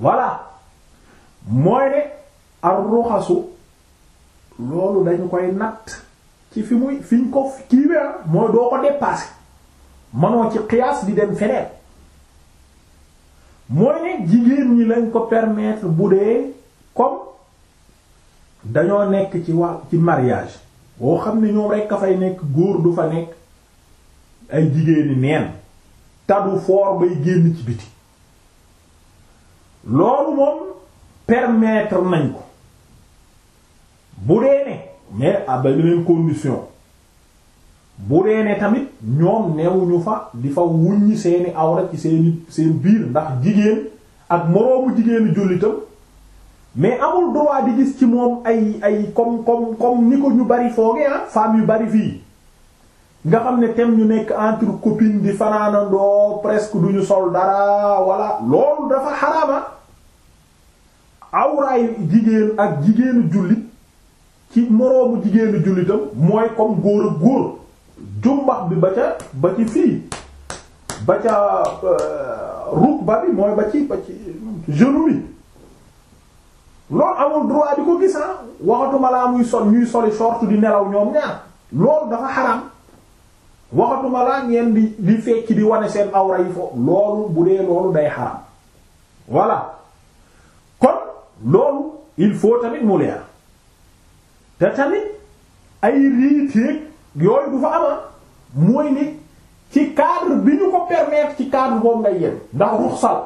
voilà mooy ne ar-ruxasu loolu dañu koy natt ci fi muy fi ñu ko kii weer ah mooy doo ko dépassé manoo ci qiyaas di dem feneen mooy ne jigéen ñi lañ ko permettre bu dee comme dañoo nekk ci waa ci mariage boo xam ne ñoom rekk a fay nekk góor du fa nekk ay jigéeni neen tadu foor bay génn ci biti loolu moom permettre nañ ko bu dee ne mais à beneen condition bu dee tamit ñoom newuñu fa di fa wuññi seeni awra ci seeni seen biir ndax jigéen ak moroomu jigéenu jullitam mais amul droit di gis ci moom ay ay comme comme ni ko ñu bari fooge ah yu bari fii nga xam ne tem ñu nekk entre copines di fanaanandoo presque duñu sol dara wala loolu dafa xaraama ah. awraay jigéen ak jigéenu jullit ci moroomu jigéenu jullitam mooy comme góor ak góor jumbax bi ba ca ba ci fii ba ca euh, rukba bi mooy ba ci ba ci genou loolu amul droit di ko gis ah waxatuma laa muy sol ñuy soli short di nelaw ñoom ñaar loolu dafa xaram waxatuma laa ngeen di di fecc di wane seen awra yi fo loolu bu dee loolu day xaram voilà kon loolu il faut tamit mu leer te tamit ay riiteeg yooyu du fa ama ah. mooy ni ci cadre bi ñu ko permettre ci cadre boobu ngay yem ndax ruxsal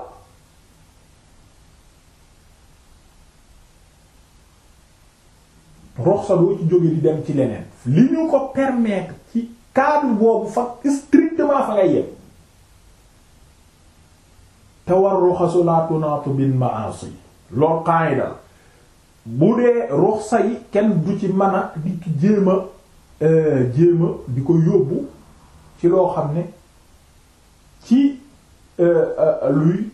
roxsa doo ci jóge di dem ci leneen li ñu ko permettre ci cadre boobu fa strictement fa ngay yem te war ruxasu la tunaatu bil ma'asi lool qaida bu dee ruxsa yi kenn du ci mën a di ci jéem a euh, di ko yóbbu ci loo xam ne ci euh, euh, luy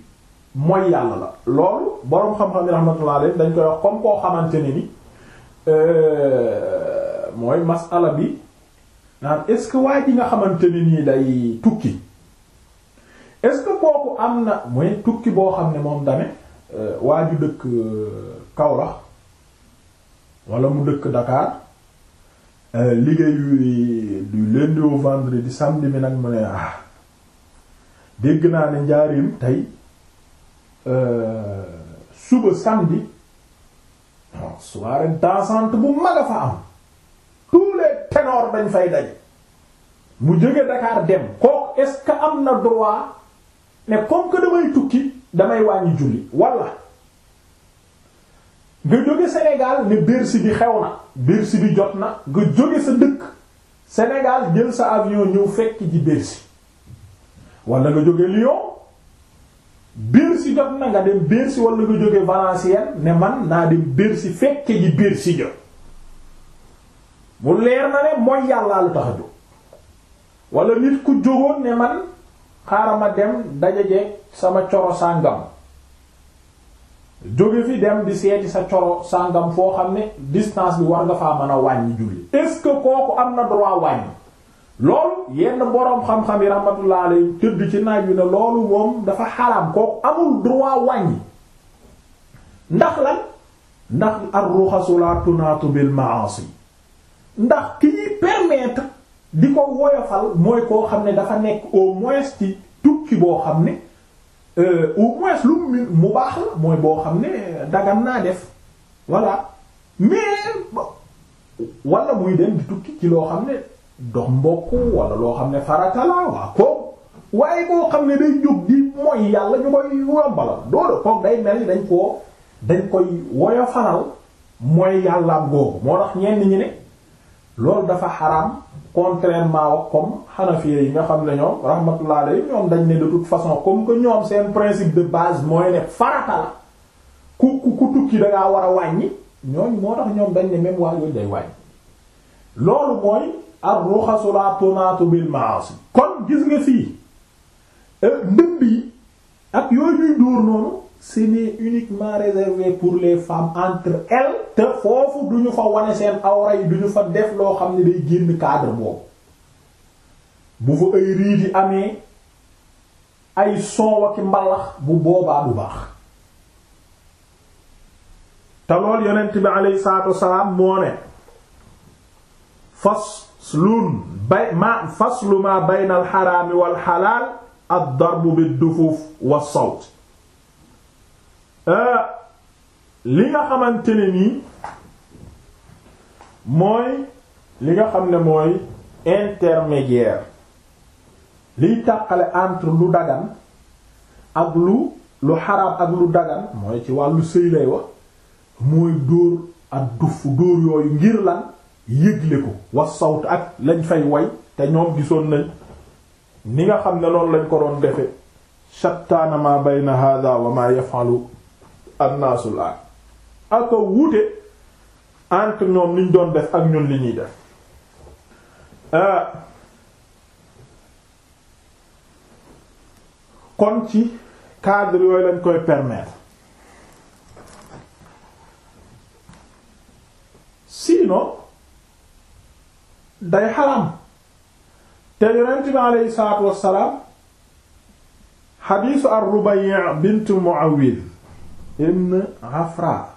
mooy yàlla la loolu boroom xam-xam yi rahmatullah dañ koy wax comme koo xamante ne ni Euh, mooy masala bi naan est-ce que waa ji nga xamante ne nii day tukki est-ce que am na mooy tukki boo xam ne moom dame euh, waa ju dëkk euh, Kaolack wala mu dëkk Dakar liggéey du lundi au vendredi samedi mi nag mu ne ah dégg naa ne njaarim tey suba samedi waaw soirée dansante bu mag a fa am tous les ténors fay daje mu jóge Dakar dem kooku est-ce que am na droit ne comme que damay tukki damay wàññi julli walla nga jóge Sénégal ne Bercy bi xew na Bercy bi jot na nga jóge sa dëkk Sénégal jël sa avion ñëw fekk ci Bercy walla nga jóge Lyon Bercy jot na nga dem Bercy wala nga jóge Valenciennes ne man naa dem Bercy fekke ji Bercy jot mu leer na ne mooy yàllaa tax a jóg wala nit ku jógoon ne man xaaral ma dem dajaje sama coro sàngam jóge fi dem di seeti sa coro sàngam foo xam ne distance bi war nga faa mën a wàññi julli est kooku am na droit wàññi loolu yenn boroom xam-xam yi rahmatullah alayhi tëdd ci naaj wi ne loolu moom dafa xaraam kooku amul droit wàññi ndax lan ndax ar-ruxasu bil ma'asi ndax ki ñuy permettre di ko woyofal mooy koo xam ne dafa nekk au ci tukki boo xam ne euh, au moins lu mu mu baax la mooy boo xam ne dagan naa def voilà mais wala muy dem di tukki ci loo xam ne. dox mbokk wala loo xam ne farata la waa koom waaye koo xam ne day jóg mooy yàlla ñu koy yombalal doo koom day mel ni dañ koo dañ koy woyofaral mooy yàllaam googu moo tax ñenn ñi ne loolu dafa xaraam contrairement comme Hanafiya yi nga xam ne ñoom rahmatullah alayhi ñoom dañ ne de toute façon comme que ñoom seen principe de base mooy ne farata ku ku ku tukki da war a wàññi ñooñ moo tax ñoom dañ ne même waa day wàññi loolu mooy. ar-ruxasu laa tunaatu bil ma'aasi kon gis nga fii ndënd euh, yi ak yooyu dóor noonu ce n'est uniquement réservé pour les femmes entre elles te foofu du fa wane seen awra yi du fa def loo xam ne day génn cadre boobu bu fa ay riid yi amee ay soow ak mbalax bu boobaa bu baax te lool yonent bi alayhi salaatu wassalaam moo ne fas faslun bay ma faslu ma bayna alxaraami walxalaal ad-darbu bid-dufuuf was-sawt li nga xamante ne nii mooy li nga xam ne mooy intermédiaire liy tàqale entre lu dagan ak lu lu xaraam ak lu dagan mooy ci wàllu sëy lay wax mooy dóor ak duf dóor yooyu ngir la yëgle ko wax sawt ak lañ fay woy te ñoom gisoon nañ ni nga xam ne loolu lañ ko doon defe shattaana ma na hada wa ma yafalu annaasul an aka wuute entre ñoom liñ doon def ak ñun li ñuy def ah. kon ci cadre yooyu lañ koy permettre sino day xaram te yonent bi aleyhi salaatu wassalaam xadiisu ar-Rubayyi bint Muawwiz ibn Afra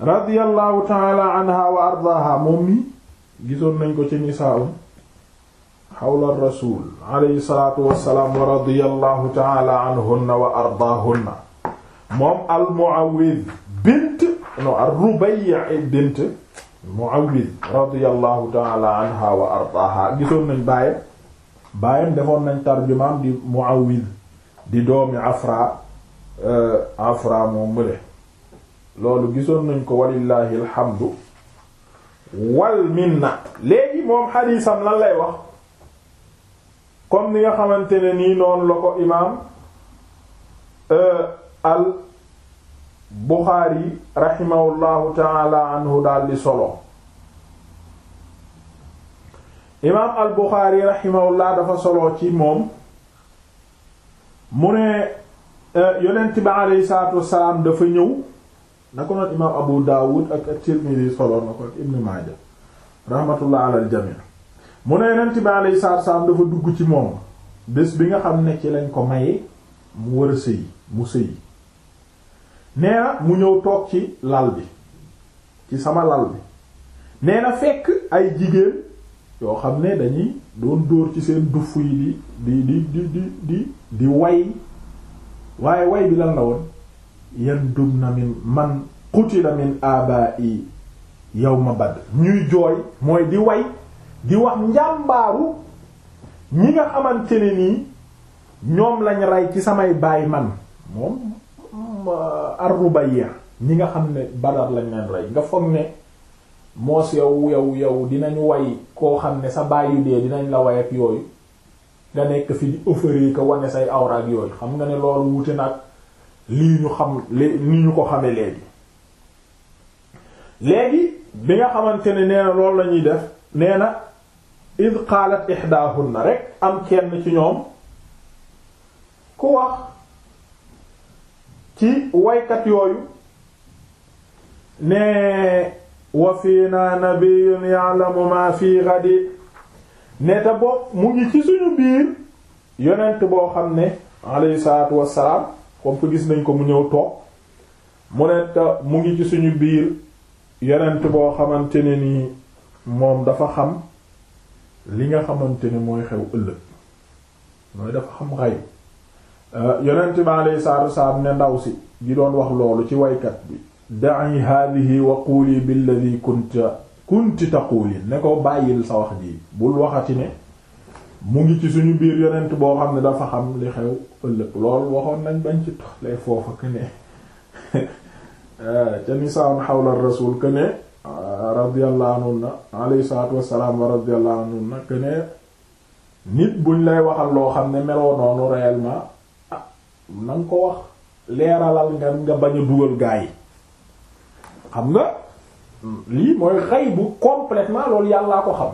radiyallahu taala anha wa ardaaha moom mi gisoon nañ ko ci nisaa'u xawla rasuul aleyhi salaatu wassalaam wa radiyallahu taala anhunna wa ardaahunna moom al Muawwiz bint no ar-Rubayyi bint Muawwiz radiyallahu taala anha wa ardaaha gisoon nañ baayam baayam defoon nañ tarjumaam di Muawwiz di doomi Afra euh, Afra moo mële loolu gisoon nañ ko walillahi alhamdu wal minna léegi moom xadiisam lan lay wax comme ni nga xamante ne nii noonu la ko imaam euh, al Buxaari raximahullahu taala anhu daal di solo imaam al Buxaari raximahullah dafa solo ci moom mu ne eh, yonent bi aleyhi salaatu wassalaam dafa ñëw na ko noon imaam Abu Daawud ak Tirmidi solo na ko ak Ibn Maaja raxmatullah alal jamii mu ne yonent bi aleyhi salaatu wassalaam dafa dugg ci moom bés bi nga xam ne ci lañ ko maye mu war a sëy mu sëy nee na mu ñëw toog ci lal bi ci sama lal bi nee fekk ay jigéen yoo xam ne dañuy doon dóor ci seen duff yi di di di di di di way waaye way bi lan la woon yan dum na min man qutila min abai yawma Badr ñuy jooy mooy di way di wax njàmbaaru ñi nga amal ne nii ñoom lañ rey ci samay baay man moom ñoom Ar-Rubayya ñi nga xam ne Badar lañ leen rey nga foog ne moos yow yow yow dinañ way koo xam ne sa bàyyi dee dinañ la way ak yooyu nga nekk fi di offrir ko wane say awra ak yooyu xam nga ne loolu wuute nag lii ñu xam li ñu ko xame léegi léegi bi nga xamante ne nee na loolu lañuy def nee na id qaalat na rek am kenn ci ñoom ku wax ci waykat yooyu ne wa fiina nabiyyun ya'lamu ma fi ghadi ne te mu ngi ci suñu biir yonent boo xam ne alayhi salaatu wassalaam comme ko gis nañ ko mu ñëw toog mu ne mu ngi ci suñu biir yonent boo xamante ne nii moom dafa xam li nga xamante ne mooy xew ëllëg mooy dafa xam xay Euh, yonent bi alayhi salaatu wasalaam ne ndaw si di doon wax loolu ci waykat bi da'i haadihi wa quuli billadi kunta kunti taquuli ne ko bàyyil sa wax ji bul waxati ne mu ngi ci suñu biir yonent boo xam ne dafa xam li xew ëllëg loolu waxoon nañ bañ ci toxlee foofa que ne euh, ca nisaan xawla rasul que ne euh, radiyallahu anhu na alayhi salaatu wassalaam wa radiyallahu anhu na que ne nit buñ lay waxal loo xam ne meloo noonu réellement na ko wax leeralal nga nga bañ a dugal gaa yi xam nga lii mooy xay bu complètement loolu yàllaa ko xam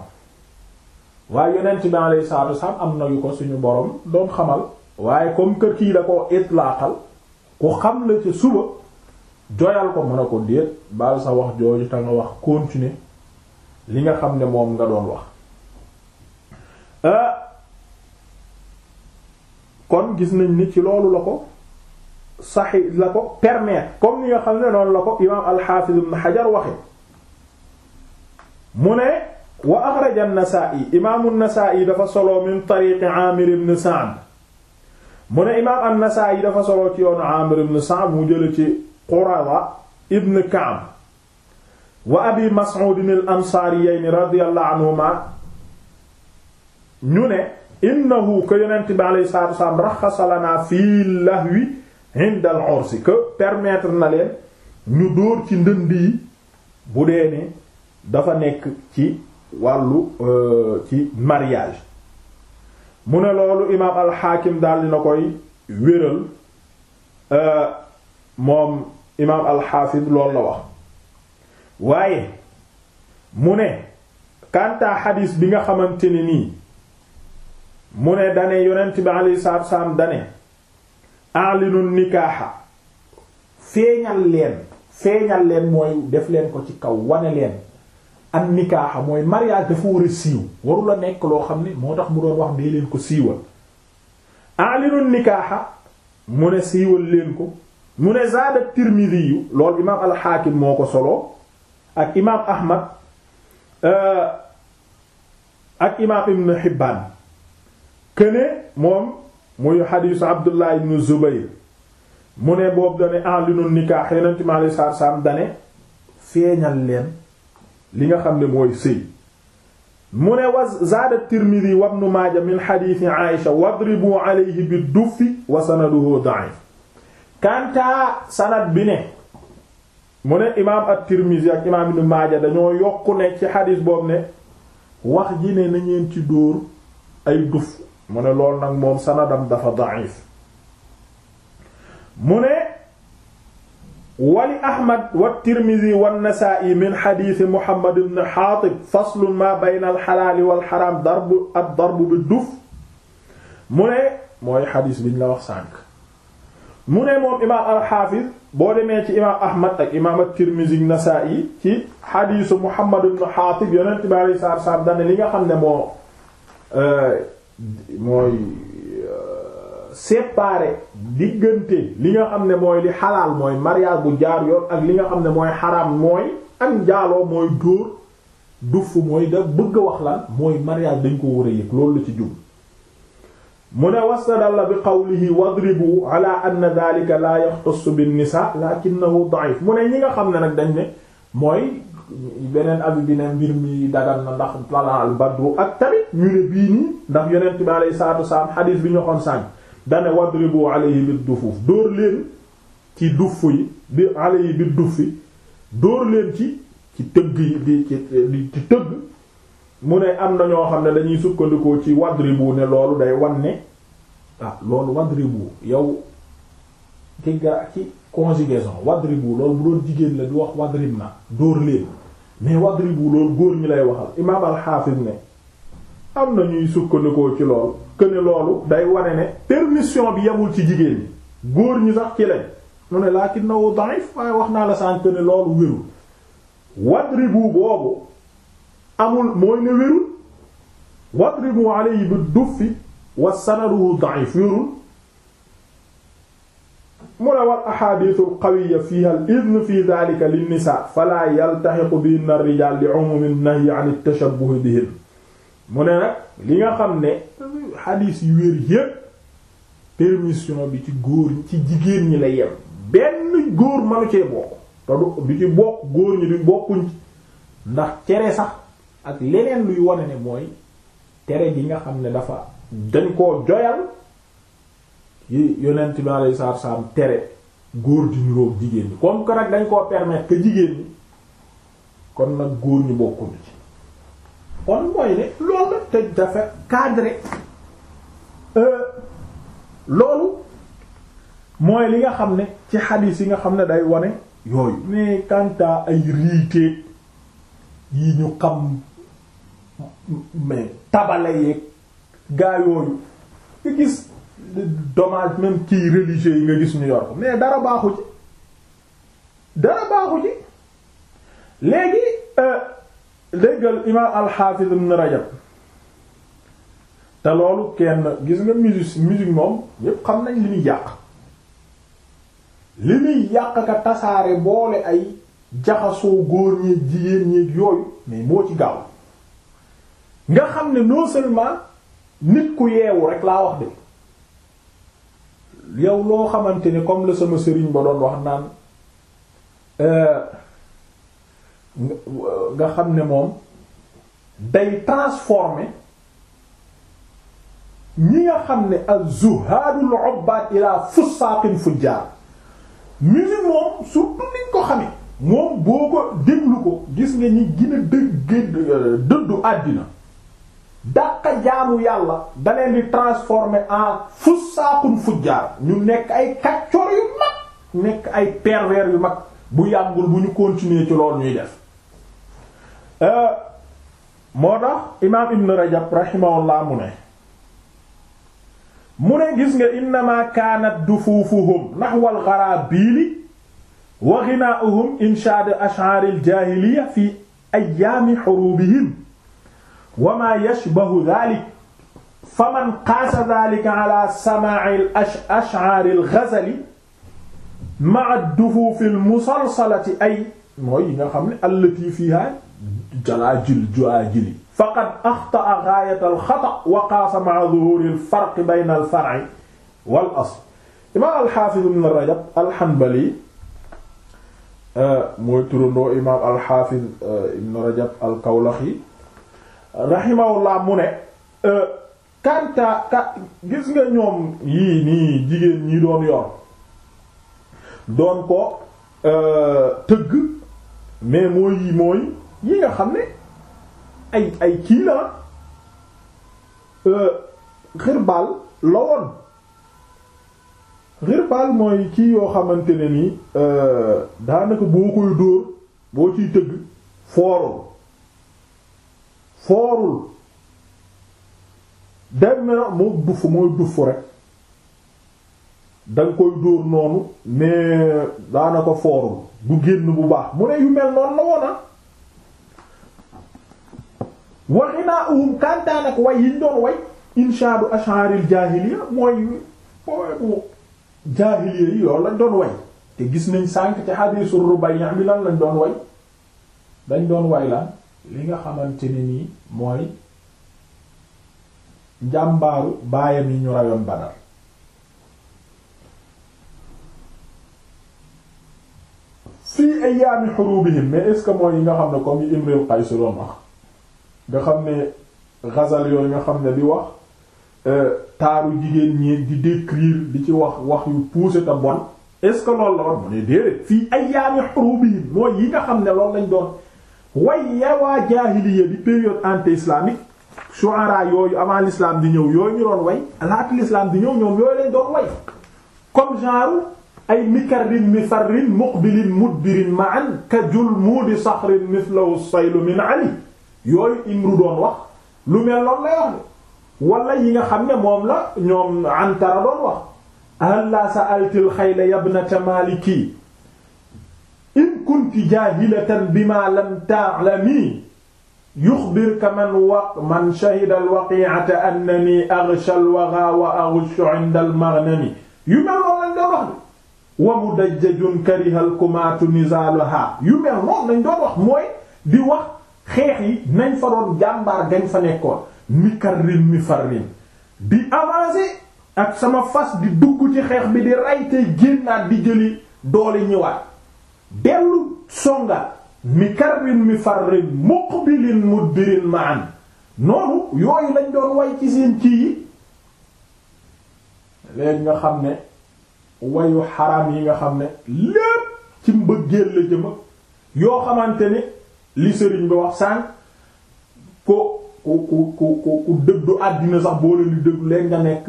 waaye yonent bi alayhi salaatu wasallam am na yu ko suñu borom doon xamal waaye comme kër kii da ko itlaaqal ku xam la ca suba joyal ko mën a ko déet baal sa wax jooju te nga wax continuer li nga xam ne moom nga doon wax euh, kon gis nañ ni ci loolu la ko saxi la ko permettre comme ni nga xam ne noonu la ko imaam al-Hafiz ibn Hajar waxe mu ne wa axraja an-Nasaa'i imaamu an-Nasaa'i dafa solo min tariqi Aamir ibn Sa'd mu ne imaam an-Nasaa'i dafa solo ci yoonu Aamir ibn Sa'd mu jële ci Qurawa ibn Ka'b wa Abi Mas'ud al-Ansaariyayni radiyallahu anhuma ñu ne innahu que yonent bi alayhi salaatu wasalaam raxasa lanaa fii lahwi inda al-ursi que permettre na leen ñu dóor ci ndënd yi bu dee ne dafa nekk ci wàllu euh, ci mariage mu ne loolu imaam al-Hakim daal dina koy wéral euh, moom imaam al-Hafiz loolu wax waaye mu ne kanta xadiis bi nga xamante ni nii mu ne dane yonent bi alayhi salaatu salaam dane alinu nikaaxa feeñal leen feeñal leen mooy def leen ko ci kaw wane leen ak nikaaxa mooy mariage dafa war a siiw waru nekk loo xam ne moo tax mu doon wax dee leen ko siiwal alinu nikaaxa mu ne siiwal leen ko mu ne zaada tirmidi yu loolu imaam alxaakim moo ko solo ak imaam ahmad euh, ak imaam ibn Hibbaan këne moom muy xadiisu Abdullah ibn Zubayr mu ne boobu dane alinu nikaax yeneen ci maale saam dane feeñal leen li nga xam ne mooy sëy mu ne wa zaada Tirmidi wa Ibnu Maaja min xadiisi Aïsha wadribu alayhi bi duffi wa sanaduhu da'if kantaa sanad bi ne mu ne imaam at-Tirmidi ak imaam Ibnu Maaja dañoo yokku ne ci xadiis boobu ne wax ji ne na ci dóor ay duf mu ne loolu nag moom sanadam dafa da'if mu ne wali ahmad wa tirmidi wa nasaa'i min xadiisi muhammad ibn xaatib faslu ma bayna alxalaali walxaraam darbu ad darbu bi duf mu ne mooy xadiis biñ la wax sànq mu ne moom imaam alxaafis boo demee ci imaam ahmad ak imaam a tirmidi nasaa'i ci xadiisu muhammad ibn xaatib yonent bi alayhi salaatu wa salaam dane li nga xam ne moo euh, mooy euh, séparer diggante li nga xam ne mooy li xalaal mooy mariage bu jaar yoon ak li nga xam ne mooy xaraam mooy ak njaaloo mooy dóor duf mooy da bëgg wax la mooy mariage dañ ko war a yëg loolu la ci jub mu ne wastadalla bi qawlihi wadribu ala anna dhalika la yaxtassu bin nisa lakinnahu da'if mu ne nga xam ne nag dañ ne mooy beneen abi bi ne mbir mi dagan na ndax talaal badru ak tamit ñu ne bii nii ndax yonent bi alayhi salaatu wasalaam xadiis bi ñu waxoon sànq dane wadribu alayhi bid dufuuf dóor leen ci duff yi bi alayhi bid duffi dóor leen ci ci yi di ci ci tëgg mu ne am na ñoo xam ne dañuy sukkandikoo ci wadribu ne loolu day wan ne ah, loolu wadribu yow ci ga ci conjugaison wadribu loolu bu doon jigéen la du wax wadrib na dóor mais wadribu loolu góor ñi lay waxal imaam alxaafis ne am na ñuy sukkandikoo ci lool que ne loolu day wane ne permission bi yamul ci jigéen ñi góor ñi sax ci lañ mu ne laa ci nawu da'if waaye wax naa la sànq ne loolu wérul wadribu boobu amul mooy ne wérul wadribu alayhi bi duffi wa sanaduhu da'if wérul mu ne wal axaadiisul qawiya fiiha al idn fi daalika linnisaa falaa yaltaxiqu bihinna rijaal li umuumi nahyi an at-tashabbuh bihin mu ne nag li nga xam ne xadiis yu wér yépp permission bi ci góor ci jigéen ñi la yem benn góor manu cee bokk te du ci bokk góor ñi duñ bokkuñ ndax cere sax ak leneen luy wane ne mooy cere ji nga xam ne dafa dañ ko joyal yi yonent bi alayhi salaatu salaam tere góor di niroog jigéen ñi comme que nag dañ koo permettre que jigéen ñi kon nag góor ñu bokkul ci kon mooy ne loolu te dafa cadré euh, loolu mooy li nga xam ne ci xadiis yi nga xam ne day wane yooyu mais kanta ay riitee yi ñu xam mais tabale yeeg gaa yooyu nga gis dommage même kii religieux yi nga gis ñu yor ko mais dara baaxu ci dara baaxu ci léegi euh, déggal imaam al-Hafiz ibn Rajab te loolu kenn gis nga musique musique moom yépp xam nañ li muy yàq li muy yàq ka tasaare boole ay jaxasoo góor ñeeg jigéen ñeeg yooyu mais moo ci gaaw nga xam ne non seulement nit ku yeewu rek laa wax de yow loo xamante ni comme la sama sëriñ ba doon wax naan euh, nga xam ne moom day transformer ñi nga xam ne az-zuhaadul ubbaad ilaa fussaaqin fujjaar musique moom surtout niñ ko xame moom boo ko déglu ko gis nga ñi gën a dëgg dëddu àddina dàqa jaamu yàlla da leen di transformer en fussaaqun fujjaar ñu nekk ay kaccoor yu mag nekk ay pervers yu mag bu yàggul bu ñu continuer ci loolu ñuy def euh, moo tax imaam ibn rajab rahimahullah mu ne mu ne gis nga innama kaanat dufuufuhum nahwal gharaabili wa ghinaa'uhum inshaad ash'aar al fi ayyaami huruubihim wa maa yashbahu dhaalika faman qaasa dhaalika ala samaa'i al-ash'aari al-ghazali ma'a ad-dufuufi al-musalsalati ay mooy yi nga xam ne allati fiihaa jalaajil jawaajili faqad axta'a gaayata al-xata' wa qaasa ma'a dhuhuuri al-farqi bayna al-far'i wal-asl imaam al-Haafiz ibn Rajab al-Hanbali eh, mooy turandoo imaam al-Haafiz eh, ibn Rajab al-Kawlaxi rahimahullah mu ne euh, kanta ka gis nga ñoom yii nii jigéen ñi doon yor doon ko euh, tëgg mais mooy yi mooy yi nga xam ne ay ay kii la euh, xirbaal la woon xirbaal mooy kii yoo xamante ne nii daanaka boo koy dóor boo ciy tëgg fooroon foorul day mel moo duf mooy duf rek danga koy dóor noonu mais daanaka foorul du génn bu baax mu ne yu mel noonu la woona ah. waxi naa uhum kantaan ak way yiñ doon way inshaadu ashaaril jaahiliya mooy poème jaahiliya yi loolu lañ doon way te gis nañ sànk ci hadiisu Rubayya bi lan lañ doon way dañ doon way lan li nga xamante ne nii mooy njàmbaaru baayam yi ñu rayoon Badar fii ayyaami hurubihim mais est ce que mooy yi nga xam ne comme yi Imrul Qays doon wax nga xam ne ghazal yooyu nga xam ne li wax euh, taaru jigéen ñi di décrire li ci wax wax yu poussé ta bon est ce la wax mu ne déedéet fii ayyaami hurubihim mooy yi nga xam ne loolu lañ doon way yawaa jaahiliya bi période anti-islamique shu'ara yooyu avant l'islam di ñëw yooyu ñu doon way laata l'islam di ñëw ñoom yooyu lañ doon way comme genre ay mikarrin mifarrin muqbilin mudbirin ma'an ka julmuudi saxrin mithlahu saylu min ali yooyu imru doon wax lu mel noonu lay wax wala yi nga xam ne moom la ñoom antara doon wax hal la sa'altil xayla yabnata maliki in kunti jaahilatan bimaa lam ta'lami yuxbirka man wa man shahida al-waqi'ata annani aghsha al-wagha wa aghshu 'inda al-maghnami yu mel noonu lañ doon wax wa mudajjajun kariha al-kumaatu nizaaluha yu mel noonu lañ doon wax mooy di wax xeex yi nañ fa doon gañ fa nekkoon mi karrin mi farrin di avancer ak sama fas di dugg ci xeex bi di rey tey génnaat di jëli doole ñëwaat. dellu songa mi karrin mi farrin muqbilin mudbirin ma'an noonu yooyu lañ doon way ci seen ci yi léegi nga xam ne wayu xaram yi nga xam ne lépp ci mbëggeel la jëma yoo xamante ni li sëriñ bi wax sànq ko ku ku ku ku dëddu àddina sax boo leen dëddu léegi nga nekk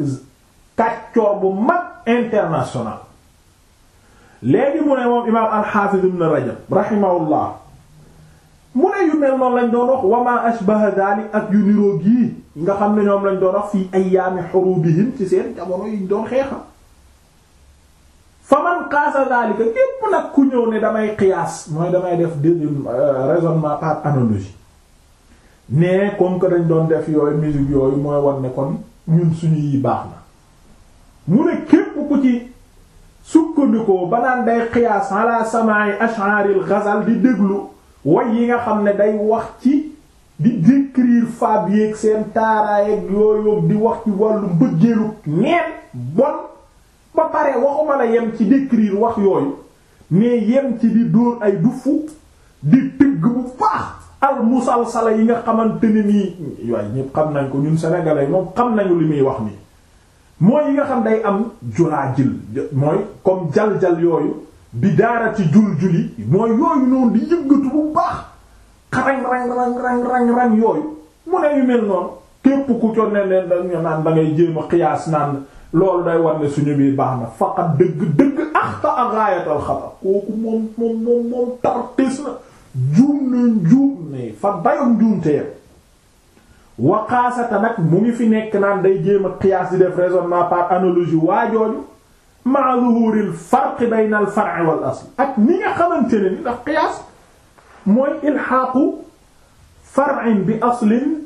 kàccoor bu mag international léegi mu ne moom imaam alxaafiz ibn rajab rahimahullah mu ne yu mel noonu lañ doon wax wa ma ashbaha dalik ak yu niroog yii nga xam ne ñoom lañ doon wax fii ayaami xurubihim ci seen jamono yiñ doon xeexa fa man xaasa daalika képp nag ku ñëw ne damay qiyaas mooy damay def deuxième raisonnement par analogie ne comme que dañ doon def yooyu musique yooyu mooy wan ne kon ñun suñu yi baax na mu ne képp ku ci sukkandikoo ba naan day qiyaas ala samaa'i ash'aril ghazal di déglu way yi nga xam ne day wax ci di décrire faab yeeg seen taaraay ak yooyu di wax ci wàllu mbëggeelu neen bon ba pare waxuma la yem ci décrire wax yooyu mais yem ci di dóor ay dufu di tëgg bu baax al musalsala yi nga xamante ne nii waaye ñépp xam nañ ko ñun sénégalais moom xam nañu li muy wax nii mooy yi nga xam day am julaajil mooy comme jal-jal yooyu bi daara ci jul-juli mooy yooyu noonu di yëngatu bu baax xarang rang rang rang yooyu mu ne yu noonu képp ku co ne leen dañu naan da ngay jéem xiyaas naan loolu day war ne suñu bi baax na faqat dëgg dëgg axta ak raayatal xata kooku moom moom moom moom tartis na juum na juum ne fa dayam juumte yam waqaasata nag mu ngi fi nekk naan day jéem a qiyaas di def raisonnement par analogie waajooju ma zuhuril farq bayna al far'i wal asl ak ni nga xamante ne ni ndax qiyaas mooy ilxaaqu far'in bi aslin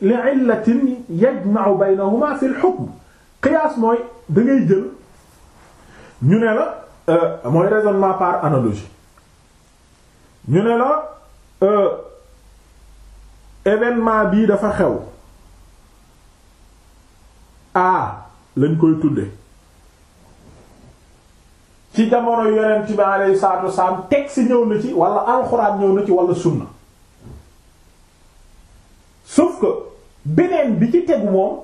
li illatin yajma'u baynahuma fi al hukm qiyaas mooy da ngay jël ñu ne la euh, mooy raisonnement par analogie ñu ne la euh, événement bii dafa xew a lañ koy tudde ci jamono yonent bi alayhi salaatu wasalaam teg si ñëw na ci walla alxuraan ñëw na ci walla sunna sauf que beneen bi ci tegu moom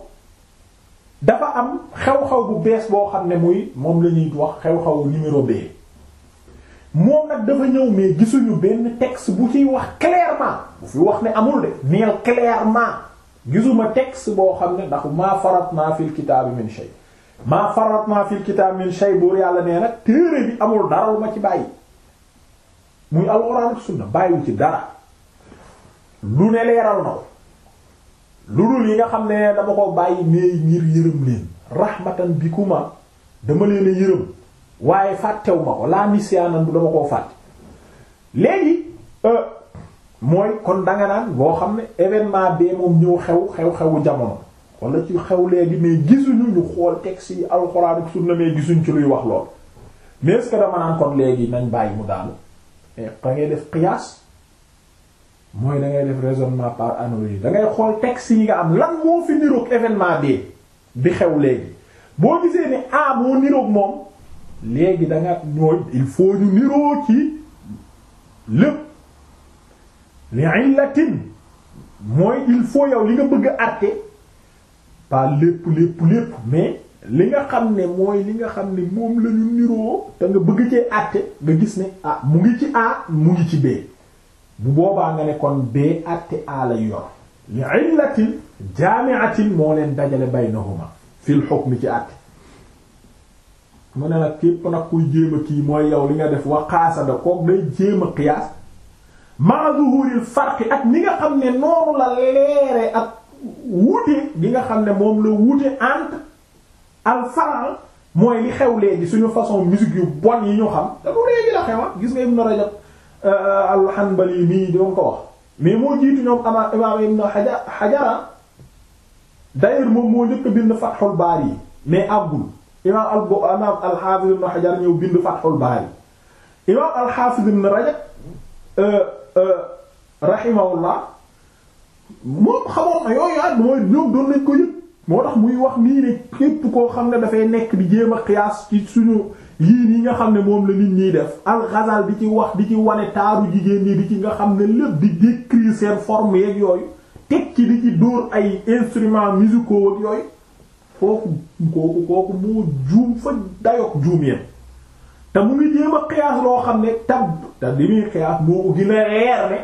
dafa am xew-xew bu bees boo xam ne muy moom lañuy wax xew-xew numéro B moom nag dafa ñëw mais gisuñu benn texte bu ciy wax clairement bu fi wax ne amul de neel clairement gisuma texte boo xam ne ndax maa faratna fil kitaabi min shay maa faratna fil kitaabi min buur yàlla nee nag téere bi amul dara lu ma ci bàyyi muy alxuraan sunna bàyyiwu ci dara lu ne leeral na lu dul yi nga xam ne dama ko bàyyi mais ngir yërëm leen rahmatan bikuma dama leen a yërëm waaye fàttewu ma ko laa nisyaanan bu dama koo fàtte léegi euh, mooy kon danga naan boo xam ne événement bee moom ñëw xew xew-xewu jamono walla ci xew léegi mais gisuñu ñu xool texte yi alxuraan ak sunna mais gisuñ ci luy wax lool mais est-ce que dama naan kon léegi nañ bàyyi mu daal eh, da ngay def qiyaas mooy dangay ngay def raisonnement par analogie da ngay xool texte yi nga am lan moo fi niroog événement bi bi xew léegi boo gisee ne a ah, niroog moom léegi da nga ñooy il faut ñu niroo ci lépp li illatin mooy il faut yow li nga bëgg a àtte pas lépp lépp mais li nga xam ne mooy li nga xam ne moom la ñu niroo te nga bëgg cee àtte nga gis ne ah mu ngi ci A mu ngi ci B bu boobaa nga ne kon B àtte A la yor li illatin jaami'atin moo leen dajale baynahuma fil hukm ci àtte mu ne nag képp nag kuy jéem kii mooy yow li nga def waxaasada kook day jéem a ma zuhuril farqi ak ni nga xam ne noonu la leere ak wuute bi nga xam ne moom la wuute entre al mooy li xew léegi suñu façon musique yu bon yi ñu xam te bu léegi la xewa ah gis nga Ibn Rajab euh, al-Hanbali mii doon ko wax mais moo jiitu ñoom ama imam Ibn moom moo njëkk bind Fathul Bari mais àggul imaam al bo imaam al bi ibn Hajar ñëw bind Fathul Bari imaam al-Hafiz ibn Rajab euh, euh, rahimahullah moom xamoon na yooyu ah mooy ñoom doon ko yëg moo tax muy wax nii ne képp koo xam ne dafay nekk di jéem a xiyaas ci suñu yii yi nga xam ne moom la nit ñiy def al-Ghazal di ci wax di ci wane taaru jigéen ñi di ci nga xam ne lépp di décrire seen forme yeeg yooyu teg ci di ci dóor ay instruments musicaux ak yooyu. kooku kooku kooku moo juum fa dayoog juum yem te mu ngi jéem xiyaas loo xam ne tab te li muy xiyaas moo ko gën reer ne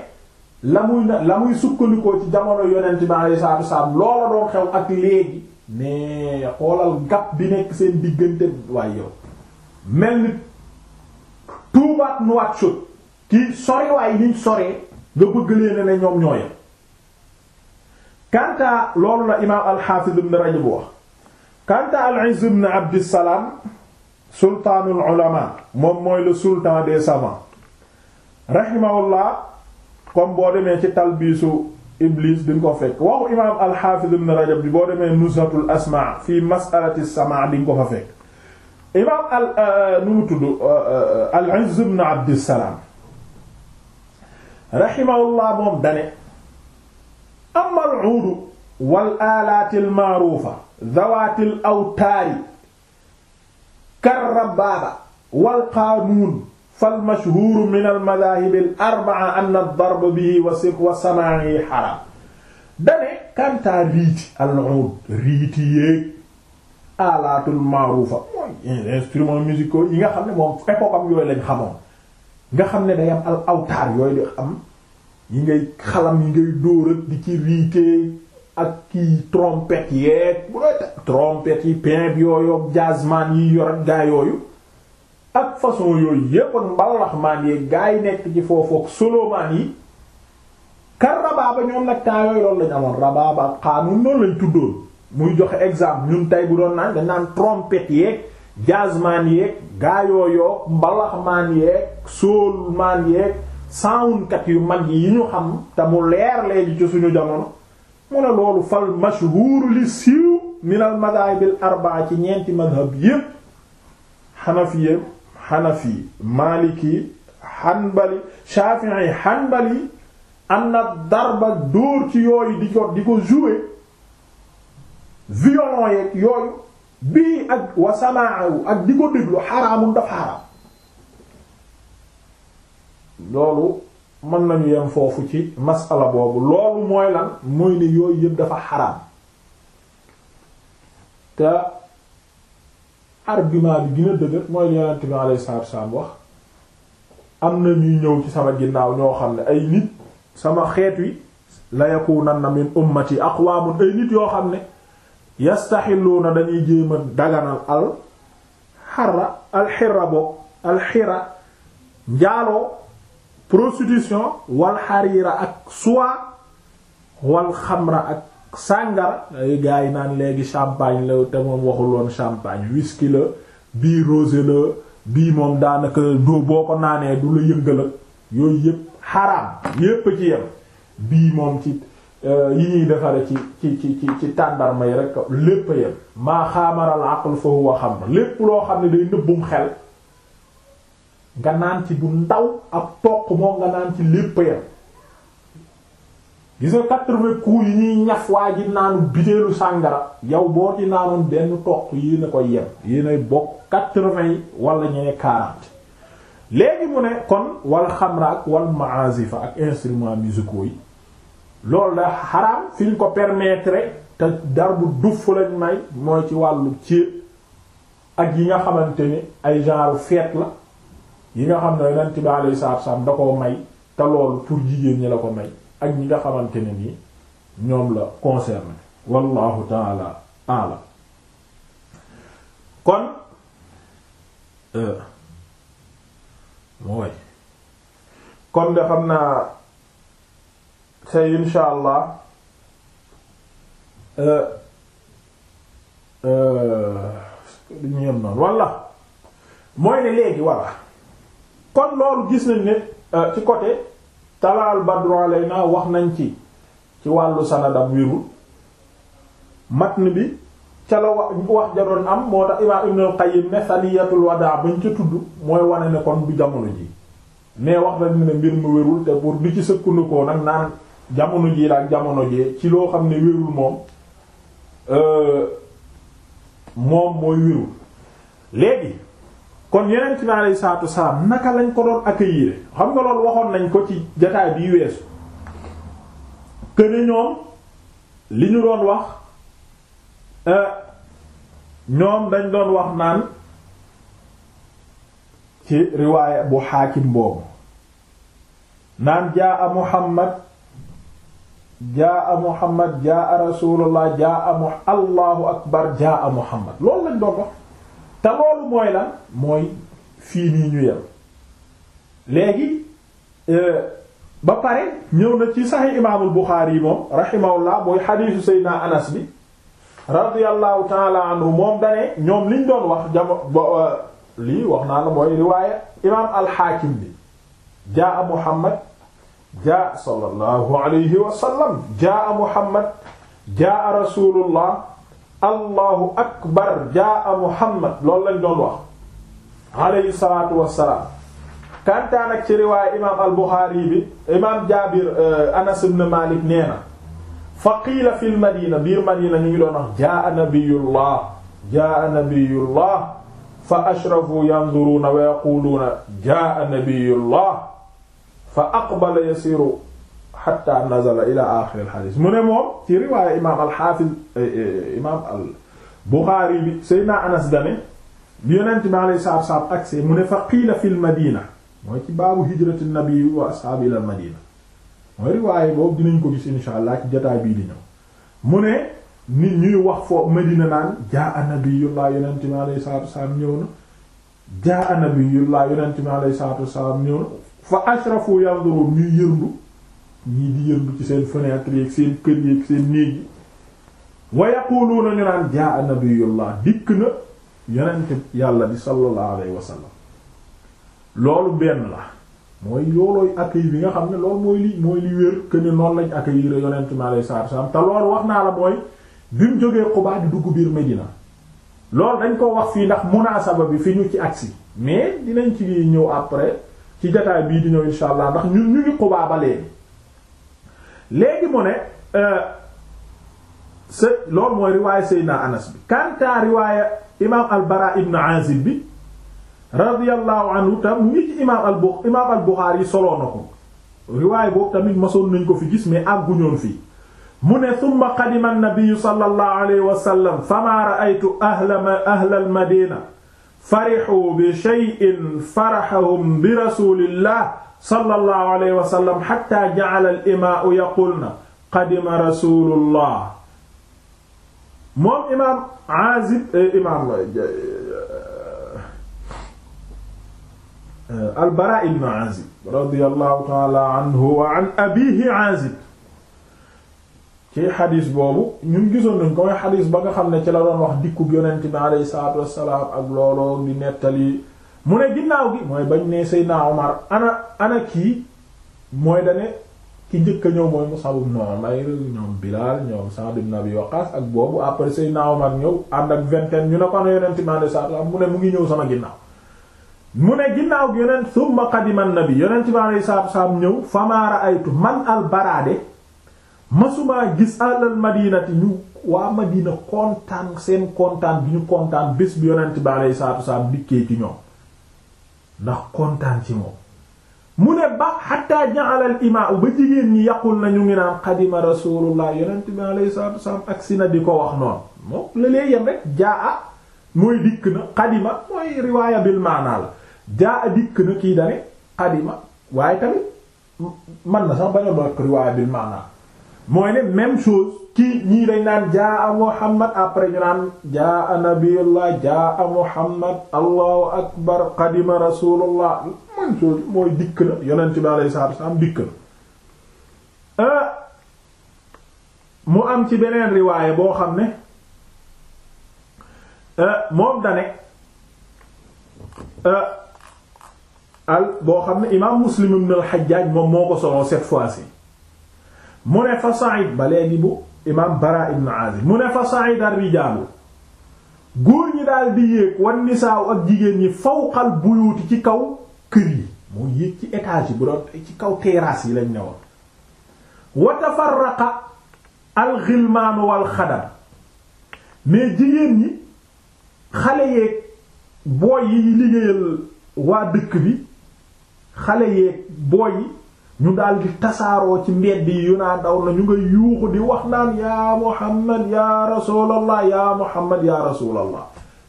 la muy sukkandikoo ci jamono yonent bi alayhi salaatu wasallam loola doon xew ak léegi mais xoolal gap bi nekk seen diggante waaye yow mel ni tuubaat nuwaat sut kii sori waaye niñ soree nga bëgg leen ne ñoom ñooyam kanta loolu la imaam al-Hafiz ibn Rajab wax kanta al-Izz ibn Abdissalaam sultaanul ulamaa moom mooy le sultan des savants rahimahullah comme boo demee ci talbiisu Iblis di nga ko fekk waxu imaam al-Haafiz ibn Rajab bi boo demee Nuzhatul Asmaa fii mas'alati samaa di nga ko fa fekk imaam al euh, euh, nu mu tudd euh, al-Izz ibn Abdissalaam rahimahullah moom dane amal uud wal aalaati al-ma'ruufa zawaatil awtaari karrabaaba wal qaanuun fal mashhuuru minal madaahibil arba'a anna ad-darba bihi wa samaa'i haraam dane kantaa riiti al-uud riiti yéeg alaatul maaruufa mooy instruments musicaux yi nga xam ne moom époque am yooyu lañ xamoon nga xam ne day am al awtaar yooyu di am yi ngay xalam yi ngay dóorat di ci riitee ak kii trompette yeeg bu doy trompette yi pimp yooyu jazzman yi yor ak gaa yooyu ak façon yooyu yépp ak mbalaxmaan yeeg gaa yi nekk ci foofu ak solomaan yi kar rabaaba ñoom nag temps yooyu loolu lañ amoon rabaaba ak xaanun noonu lañ tuddoon muy joxe exemple ñun tey bu doon naan dañ naan trompette yeeg jazzman yeeg gaa yooyu mbalaxmaan yeeg soolmaan yeeg saawunkat yu mag yi ñu xam te mu leer léegi ci suñu jamono. mu ne loolu fal mashhuur li siiw min al madhahibil arbaa ci ñeenti madhab yépp xanafiye xanafi maliki xanbali shafi'i xanbali anna darba dóor ci yooyu di ko di ko jouer violon yeeg yooyu bii ak wa samaahu ak di ko déglu xaraamul daf xaraam loolu mën nañu yem foofu ci masala boobu loolu mooy lan mooy ne yooyu yëpp dafa xaraam te argument bi dëgër mooy li yonent bi alayhi salaatu wax am na ñuy ñëw ci sama ginnaaw ñoo xam ne ay nit sama xeet wi la yakunanna min ummati aqwaamun ay nit yoo xam ne yastaxilluuna dañuy jéem a daganal al xarra al xirra boog al njaaloo prostitution wal xariira ak soie wal xamra ak sàngara ay gars yi naan léegi champagne la te moom waxul woon champagne whisky la bii rosé la bii moom daanaka doo boo ko naanee du la yëngal ak yooyu yépp xaraam yépp ci yem bii moom ci euh, yi ñuy defare ci ci ci ci ci tàndarma yi rek lépp a yem maa xaamaral aql fa huwa xamr lépp loo xam ne day nëbbum xel nga naan ci bu ndaw ak toq moom nga naan ci lépp yam gis nga quatre yi ñuy ñaf waa ji naanu bideelu sàngara yow boo ci naanoon benn toq yéen a koy yem yéen ay bokk quatre yi wala ñu ne léegi mu ne kon wal xamra ak wal maazifa ak instruments musicaux yi loolu da xaraam fi ñu ko permettre te dar bu duf lañ may mooy ci wàllu ci ak yi nga xamante ni ay genre fête la yi nga xam ne yonent bi alayhi salaatu wasallam da koo may te loolu pour jigéen ñi la ko may ak ñi nga xamante ne nii ñoom la concerné wallahu taala alam kon euh, mooy euh, euh, walla mooy ne léegi walla kon loolu gis nañ ne euh, ci côté talaal badru alayna wax nañ ci ci wàllu sanadam wérul matn bi ca la wax wax jaroon am moo tax imaam Ibn al-Qayyim ne saniyatul wadaa bañ ca tudd mooy wane ne kon bu jamono ji mais wax nañ ne mbir mu wérul te pour bi ci sëkkandikoo nag naan jamono jii daal jamono jee ci loo xam ne wérul moom euh, moom mooy wérul léegi kon yeneen ci alayhi salaatu wasalaam naka lañ ko doon accueillir xam nga loolu waxoon nañ ko ci jataay bi weesu que ne ñoom li ñu doon wax euh, ñoom dañ doon wax naan ci riwaaya bu xaakim boobu naan jaa a Muhammad jaa a Muhammad jaa a Rasulullah jaa a Allahu akbar jaa a Muhammad loolu lañ doon wax te loolu mooy lan mooy fii nii ñu yem léegi euh, ba pare ñëw na ci saxi imaamul Buxaari yi moom rahimahullah mooy xadiisu Seydina Anas bi radiyallahu taala anhu moom dane ñoom liñ doon wax jamono euh, lii wax naa la mooy riwaaya imaam alxaakim bi jaa Muhammad jaa sallallahu alayhi wa sallam jaa Muhammad jaa rasulullah allahu akbar jaa muhammad loolu lañ doon wax alayhi salaatu wassalaam kantaan ak ci riwaaya imaam al buxaari bi imaam jaabir eh, anas ibn malik nee na fa qiila fi l madina biir madina ñu ngi doon wax jaa nabiyullah jaa nabiyullah fa ashrafu yanzuruuna wa yaquluuna jaa nabiyullah fa aqbala yasiru xatta nazala ila aaxiril xadiis mu ne moom ci riwaaya imaam alxaafiz eh, eh, imaam al buxaari bi seydna anas dane bi yonent bi alayhi salaatu salaam akse mu ne fa qiila fil madina mooy ci baabu hijrati nabi wa ashaabi ila madina mooy riwaaya boobu dinañ ko gis insha allah ci jotaay bii di ñëw mu ne nit ñuy wax foo madina naan jaa nabiyullah yonent bi alayhi salaatu salaam ñëw na jaa nabiyullah yonent bi alayhi salaatu salaam ñëw na fa ashrafu yanzuru ñuy yërndu ñii di yëndu ci seen fenêtre yeeg seen kër yeeg seen néeg yi wa yaquluuna naan jaa nabiyullah dikk na yonent yàlla bi sallallahu alayhi wa sallam loolu benn la mooy yoolooy accueil bi nga xam ne loolu mooy li mooy li wér que ne noonu lañ accueillir yonent mi alayhi salaatu salaam te loolu wax naa la mooy bi mu jógee Quba di dugg biir Medina loolu dañ ko wax fii ndax munaasaba bi fi ñu ci agsi mais dinañ ci ñëw après ci jotaay bii di ñëw insha ndax ñun ñu ngi Quba léegi mu ne euh, sa loolu mooy riwaaya Seydina Anas bi kanta riwaaya imaam al-Bara ibn Azib bi radiyallahu anhu tam ngi ci imaam al bu imaam al Buxaari yi soloo na ko riwaaya boobu tamit masoon nañ ko fi gis mais àgguñoon fii mu ne summa qadima an-nabiyyu sallallahu alayhi wa sallam famaa ra'aytu ahla ahlal madina farihuu bi shay'in farahahum bi rasulillah sallallahu alayhi wa sallam xatta ja'ala al imaa'u yaqulna qadima rasulullah moom imaam Aazib eh, imaam eh, eh, al-Baraa ibn Aazib radiyallahu ta'ala anhu wa an abiihi Aazib ci xadis boobu ñun gisoon nañ ko mooy xadis ba nga xam ne ci la doon wax dikkug yonent bi alayhi salaatu wassalaam ak looloo di nettali mu ne ginnaaw gi mooy bañ ne Seydina Omar ana ana kii mooy dane ki njëkk a ñëw mooy Musab ibn Umayr ñoom Bilal ñoom Sa'd ibn Abi ak boobu après Seydina Omar ñëw ànd ak vingtaine ñu ne ko ana yonent mande sa mu ne ngi ñëw sama ginnaaw mu ne ginnaaw gi yonent thumma qadima an-nabi yonent mande saab saab ñëw fama ra'aytu man al barade masumaa gis alal madinati ñu waa madina kontaan seen kontaan bi ñu kontaan bés bi yonent bi aleyhi salaatu wasalaam dikkee ci ñoom ndax kontaan ci moom mu ne ba xatta ja'ala imaam ba jigéen ñi yaqul nañu ngi naan qadima rasulullah yonent bi alayhi salaatu wasallam agsi na di ko wax noonu moom la lee yem rek jaa a mooy dikk na qadima mooy riwaaya bil maanaa la jaa a dikk na kii dane qadima waaye tamit man na sax riwaaya bil maanaa mooy ne même chose kii ñii lañ naan jaa a Muhammad après ñu naan jaa a jaa Muhammad allahu akbar qadima rasulullah man soo mooy dikk na yonent bi alayhi salaatu wasallam dikk na ah, mu am ci beneen riwaaye boo xam ne ah, moom dane ah, al boo xam ne imaam Muslim ibn al-Hajjaj moom moo ko solo cette fois-ci mu ne fa Sa'id ba léegi bu imaam Bara ibn Azib mu ne fa sa'ida rijaalu góor ñi daal di yéeg wan nisaaw ak jigéen ñi fawqal buyuuti ci kaw kër yi moo yéeg ci étage yi bu doon ci kaw terrasse yi lañ ne woon wa tafarraqa alxilmaanu wal xadam mais jigéen ñi xale yeeg booy yi liggéeyal waa dëkk bi xale yeeg booy ñu daal di tasaaroo ci mbedd yi yu naa daw na ñu nga yuuxu di wax naan yaa muhammad yaa rasulallah yaa muhammad yaa rasulallah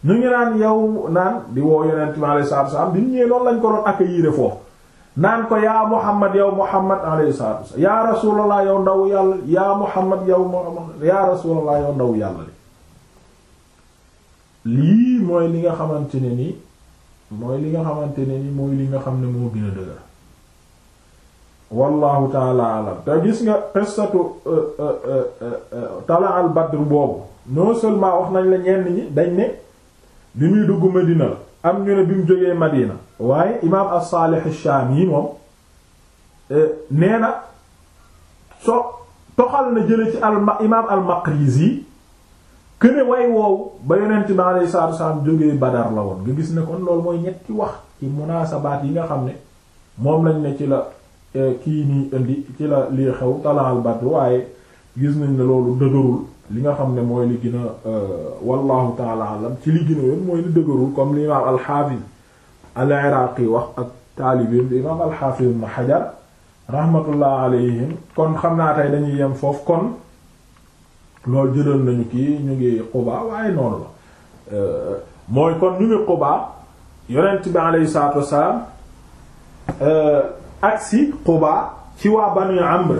ñu ngi naan yow naan di woo yonent mi alayhi salaatu wasalaam bi ñu ñëwee noonu lañ ko doon accueillir foofu naan ko yaa muhammad yow muhammad alayhi salaatu wasalaam yaa rasulallah yow ndaw yàlla yaa muhammad yow muhammad yaa rasulallah yow ndaw yàlla lii mooy li nga xamante ne ni mooy li nga xamante ni mooy li nga xam ne moo gën a dëgër wallahu taala alam te gis nga qissatu euh, euh, euh, tala al badr boobu non seulement wax nañ la ñenn ñi dañ ne bi ñuy dugg Medina la am ñu bi mu jógee Madina waaye imaam as-Salih yi moom nee na so toxal na jële ci al imaam al-Maqrizi këne way woowu ba yonent bi alayhi salaatu wassalaam jógee Badar la woon nga gis ne kon loolu mooy ñetti wax ci munaasabaat yi nga xam ne moom lañ ne ci la kii nii indi ci la lii xew talaal bat waaye gis nañ ne loolu dëgërul li nga xam ne mooy li gën a euh, wallahu taala alam ci li yoon mooy li dëgërul comme lu imaam alxaafiz al iraqi wax ak taalibeem bi imaam alxaafiz ibn xajar rahmatullah alayhim kon xam naa tey dañuy yem foofu kon loolu jëlal nañu kii ñu ngi xubaa waaye noonu la euh, mooy kon ñu ngi xubaa yonent bi alayhi salaatu wasalaam euh, agsi Quba ci waa Banu Amr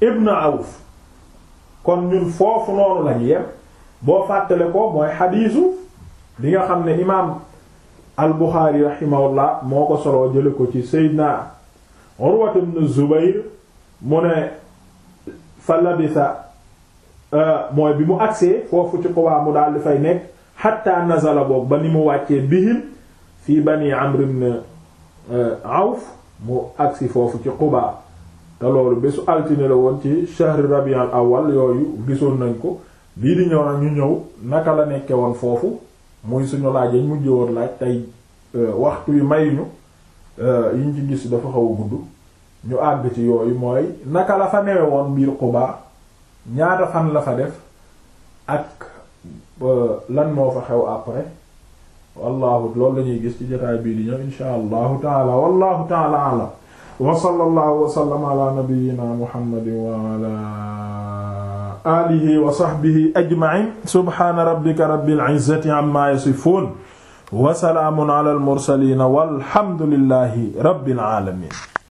ibn Awf kon ñun foofu noonu lañu yem boo fàttale ko mooy xadiisu bi nga xam ne imaam al Buxaari rahimahullah moo ko soloo jële ko ci Seydina Urwat ibn Zubayr mu ne fa labisa euh, mooy bi mu agsee foofu ci Quba mu daal di fay nekk xatta nazala boog ba ni mu wàccee bihim fii Bani Amr ibn euh, Awf mu si foofu ci Quba te loolu bésu altine la woon ci shahri rabi'al awal yooyu gisoon nañ ko bii di ñëw nag ñëw naka la nekke woon foofu muy suñu laaj yañ mujj woon laaj tey euh, waxtu yu mayuñu euh, yiñ ci gis dafa xaw a gudd ñu àgg ci yooyu mooy naka la fa newe woon mbir Quba ñaata fan la fa def ak euh, lan moo fa xew après wallahu loolu la ñuy gis ci jotaay bii di ñëw insha allahu taala wallahu taala alam wa sallallahu wa sallama ala nabiyyina muhammadin wa ala alihi wa sahbihi ajma'in subhana rabbika rabbil izzati amma yasifun wa salaamun ala al mursalin walhamdulillahi rabbil alamin